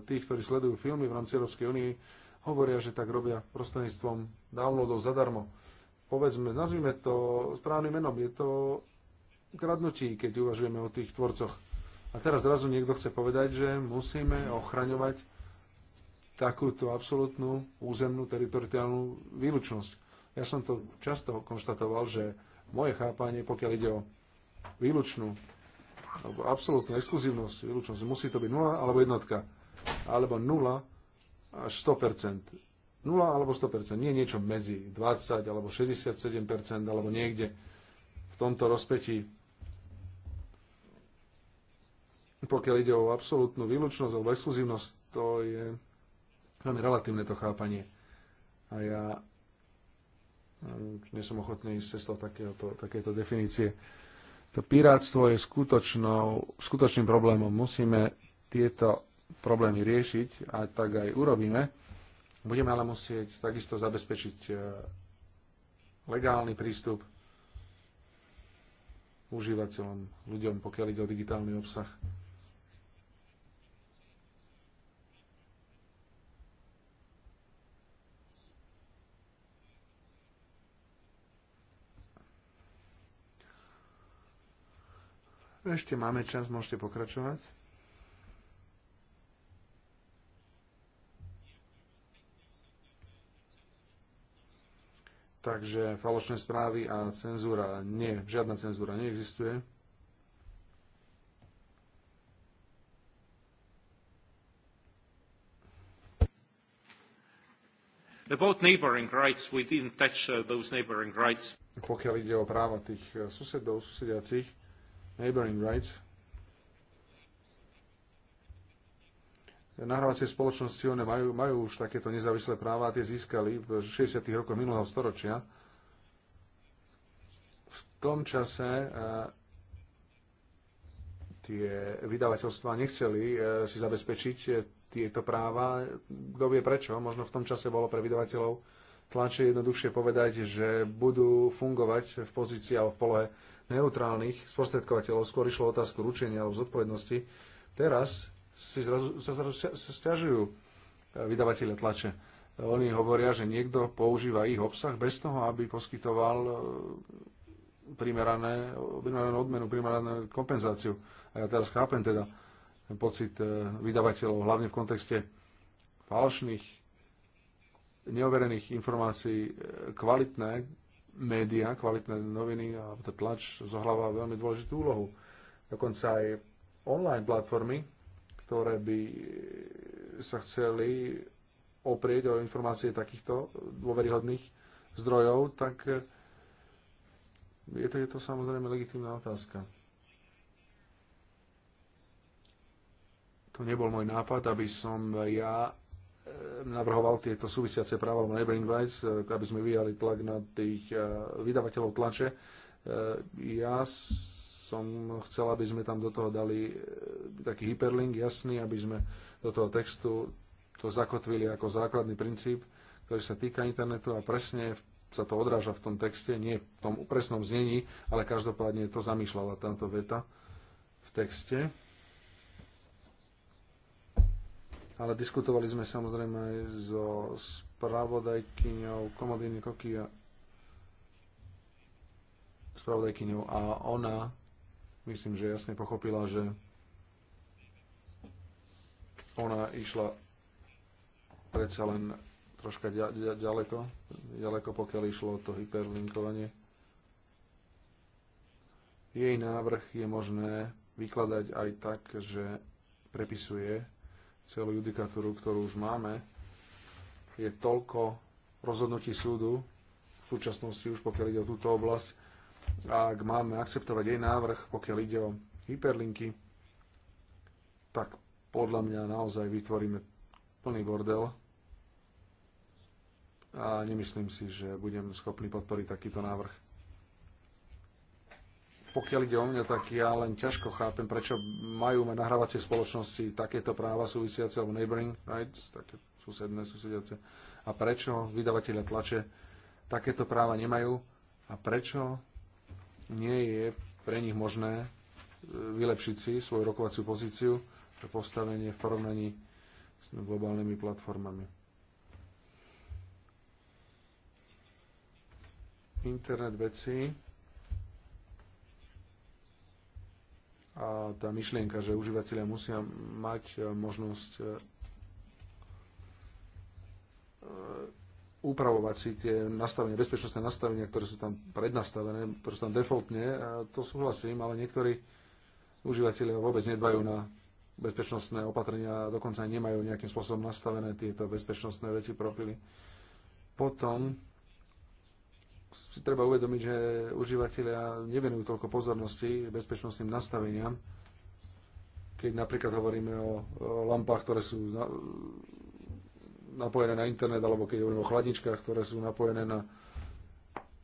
tých, ktorí sledujú filmy v rámci Európskej únie, hovoria, že tak robia prostredníctvom downloadov zadarmo. Povedzme, nazvime to správnym menom, je to kradnutí, keď uvažujeme o tých tvorcoch. A teraz zrazu niekto chce povedať, že musíme ochraňovať takúto absolútnu územnú teritoriálnu výlučnosť. Ja som to často konštatoval, že moje chápanie, pokiaľ ide o výlučnú alebo absolútnu exkluzívnosť, výlučnosť, musí to byť 0 alebo jednotka, alebo 0 až 100%. 0 alebo 100%, nie niečo medzi 20 alebo 67% alebo niekde v tomto rozpetí. Pokiaľ ide o absolútnu výlučnosť alebo exkluzívnosť, to je veľmi relatívne to chápanie. A ja Ehm, nie som ochotný ísť cestou takéto definície. To pirátstvo je skutočnou, skutočným problémom. Musíme tieto problémy riešiť a tak aj urobíme. Budeme ale musieť takisto zabezpečiť eh, legálny prístup užívateľom, ľuďom, pokiaľ ide o digitálny obsah. Ešte máme čas, môžete pokračovať. Takže falošné správy a cenzúra, nie, žiadna cenzúra neexistuje. About neighboring rights, we didn't touch uh, those neighboring rights. Pokiaľ ide o práva tých uh, susedov, susediacich, Neighboring Rights. Nahrávacie spoločnosti one majú, majú už takéto nezávislé práva a tie získali v 60. rokoch minulého storočia. V tom čase eh, tie vydavateľstva nechceli eh, si zabezpečiť eh, tieto práva. Kto vie prečo? Možno v tom čase bolo pre vydavateľov tlače jednoduchšie povedať, že budú fungovať v pozícii alebo v polohe neutrálnych sprostredkovateľov, skôr išlo otázku ručenia alebo zodpovednosti. Teraz si zrazu, sa zrazu stiažujú e, vydavatelia tlače. E, oni hovoria, že niekto používa ich obsah bez toho, aby poskytoval e, primerané, primeranú odmenu, primeranú kompenzáciu. A ja teraz chápem teda ten pocit vydavateľov, hlavne v kontexte falošných, neoverených informácií, kvalitné médiá, kvalitné noviny a tlač zohľava veľmi dôležitú úlohu. Dokonca aj online platformy, ktoré by sa chceli oprieť o informácie takýchto dôveryhodných zdrojov, tak je to, je to samozrejme legitimná otázka. To nebol môj nápad, aby som ja navrhoval tieto súvisiace práva na neighboring e, aby sme vyjali tlak na tých e, vydavateľov tlače. E, ja som chcel, aby sme tam do toho dali taký hyperlink jasný, aby sme do toho textu to zakotvili ako základný princíp, ktorý sa týka internetu a presne sa to odráža v tom texte, nie v tom presnom znení, ale každopádne to zamýšľala táto veta v texte. ale diskutovali sme samozrejme aj so spravodajkyňou Komodiny Kokia spravodajkyňou a ona myslím, že jasne pochopila, že ona išla predsa len troška ďaleko, ďaleko pokiaľ išlo o to hyperlinkovanie. Jej návrh je možné vykladať aj tak, že prepisuje celú judikatúru, ktorú už máme, je toľko rozhodnutí súdu v súčasnosti už, pokiaľ ide o túto oblasť. A ak máme akceptovať jej návrh, pokiaľ ide o hyperlinky, tak podľa mňa naozaj vytvoríme plný bordel. A nemyslím si, že budem schopný podporiť takýto návrh pokiaľ ide o mňa, tak ja len ťažko chápem, prečo majú nahrávacie spoločnosti takéto práva súvisiace, alebo neighboring rights, také susedné, susediace, a prečo vydavatelia tlače takéto práva nemajú a prečo nie je pre nich možné e, vylepšiť si svoju rokovaciu pozíciu, postavenie v porovnaní s globálnymi platformami. Internet veci a tá myšlienka, že užívateľia musia mať e, možnosť e, e, upravovať si tie nastavenia, bezpečnostné nastavenia, ktoré sú tam prednastavené, ktoré sú tam defaultne, to súhlasím, ale niektorí užívateľia vôbec nedbajú na bezpečnostné opatrenia a dokonca nemajú nejakým spôsobom nastavené tieto bezpečnostné veci, profily. Potom si treba uvedomiť, že užívateľia nevenujú toľko pozornosti bezpečnostným nastaveniam, keď napríklad hovoríme o lampách, ktoré sú napojené na internet, alebo keď hovoríme o chladničkách, ktoré sú napojené na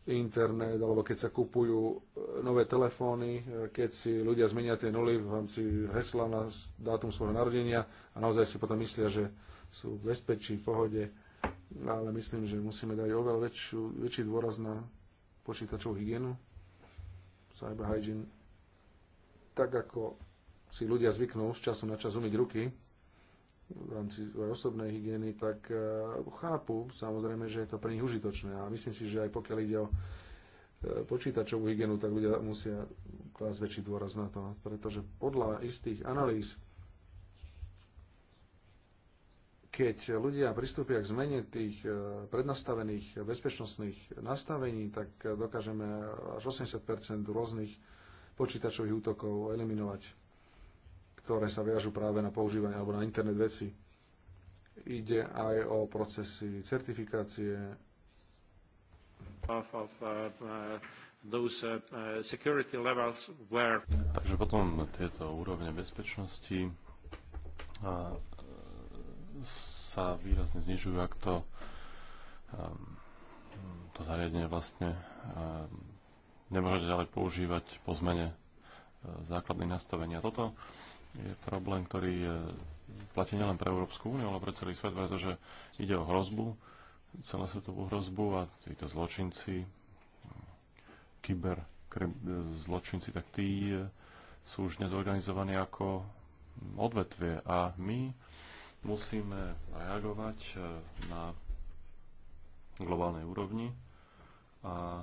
internet, alebo keď sa kupujú e, nové telefóny, e, keď si ľudia zmenia tie nuly v rámci hesla na dátum svojho narodenia a naozaj si potom myslia, že sú v bezpečí, v pohode No, ale myslím, že musíme dať oveľa väčšiu, väčší dôraz na počítačovú hygienu, cyber hygiene, tak ako si ľudia zvyknú z času na čas umyť ruky v rámci svojej osobnej hygieny, tak eh, chápu samozrejme, že je to pre nich užitočné. A myslím si, že aj pokiaľ ide o eh, počítačovú hygienu, tak ľudia musia klásť väčší dôraz na to. Pretože podľa istých analýz keď ľudia pristúpia k zmene tých e, prednastavených bezpečnostných nastavení, tak e, dokážeme až 80 rôznych počítačových útokov eliminovať, ktoré sa viažú práve na používanie alebo na internet veci. Ide aj o procesy certifikácie. Of, of, uh, uh... uh, uh Takže potom tieto úrovne bezpečnosti sa výrazne znižujú, ak to, ehm, to zariadenie vlastne ehm, nemôžete ďalej používať po zmene e, základných nastavenia. Toto je problém, ktorý e, platí nielen pre Európsku úniu, ale pre celý svet, pretože ide o hrozbu, celé svetovú hrozbu a títo zločinci, kyber e, zločinci, tak tí sú už nezorganizovaní ako odvetvie a my Musíme reagovať e, na globálnej úrovni a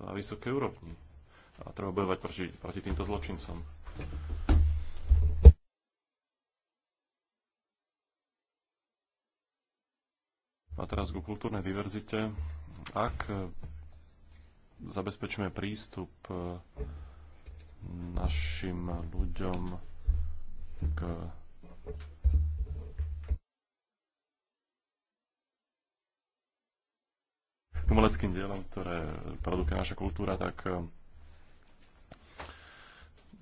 na vysokej úrovni. A treba bojovať proti, proti týmto zločincom. A teraz ku kultúrnej diverzite. Ak e, zabezpečíme prístup e, našim ľuďom k umeleckým dielom, ktoré produkuje naša kultúra, tak eh,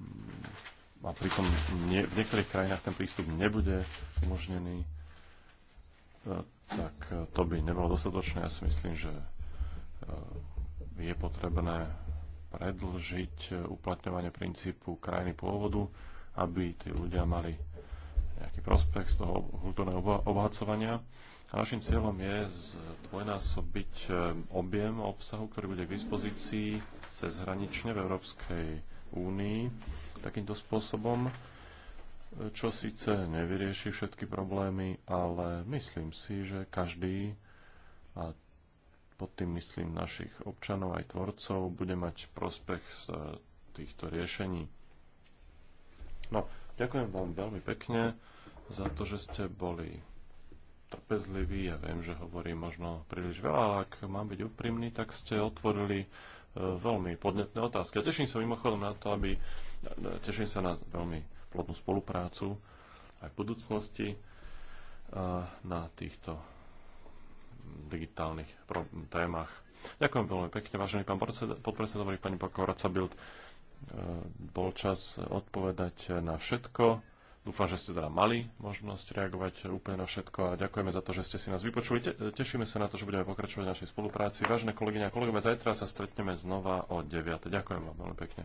mm, a pritom nie, v niektorých krajinách ten prístup nebude umožnený, eh, tak eh, to by nebolo dostatočné. Ja si myslím, že je potrebné predlžiť uplatňovanie princípu krajiny pôvodu, aby tí ľudia mali nejaký prospech z toho kultúrneho obohacovania. A našim cieľom je zdvojnásobiť eh, objem obsahu, ktorý bude k dispozícii cez hranične v Európskej únii takýmto spôsobom, eh, čo síce nevyrieši všetky problémy, ale myslím si, že každý, a pod tým myslím našich občanov aj tvorcov, bude mať prospech z eh, týchto riešení. No, ďakujem vám veľmi pekne za to, že ste boli trpezliví. Ja viem, že hovorím možno príliš veľa, ale ak mám byť úprimný, tak ste otvorili e, veľmi podnetné otázky. A teším sa mimochodom na to, aby... E, teším sa na veľmi plodnú spoluprácu aj v budúcnosti e, na týchto digitálnych témach. Ďakujem veľmi pekne, vážený pán podpredseda, pani Pokoraca Bild. Bol čas odpovedať na všetko. Dúfam, že ste teda mali možnosť reagovať úplne na všetko a ďakujeme za to, že ste si nás vypočuli. Te tešíme sa na to, že budeme pokračovať v našej spolupráci. Vážne kolegyne a kolegovia, zajtra sa stretneme znova o 9. Ďakujem vám veľmi pekne.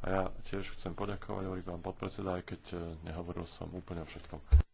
A ja tiež chcem poďakovať, hovorí vám podpredseda, aj keď eh, nehovoril som úplne o všetkom.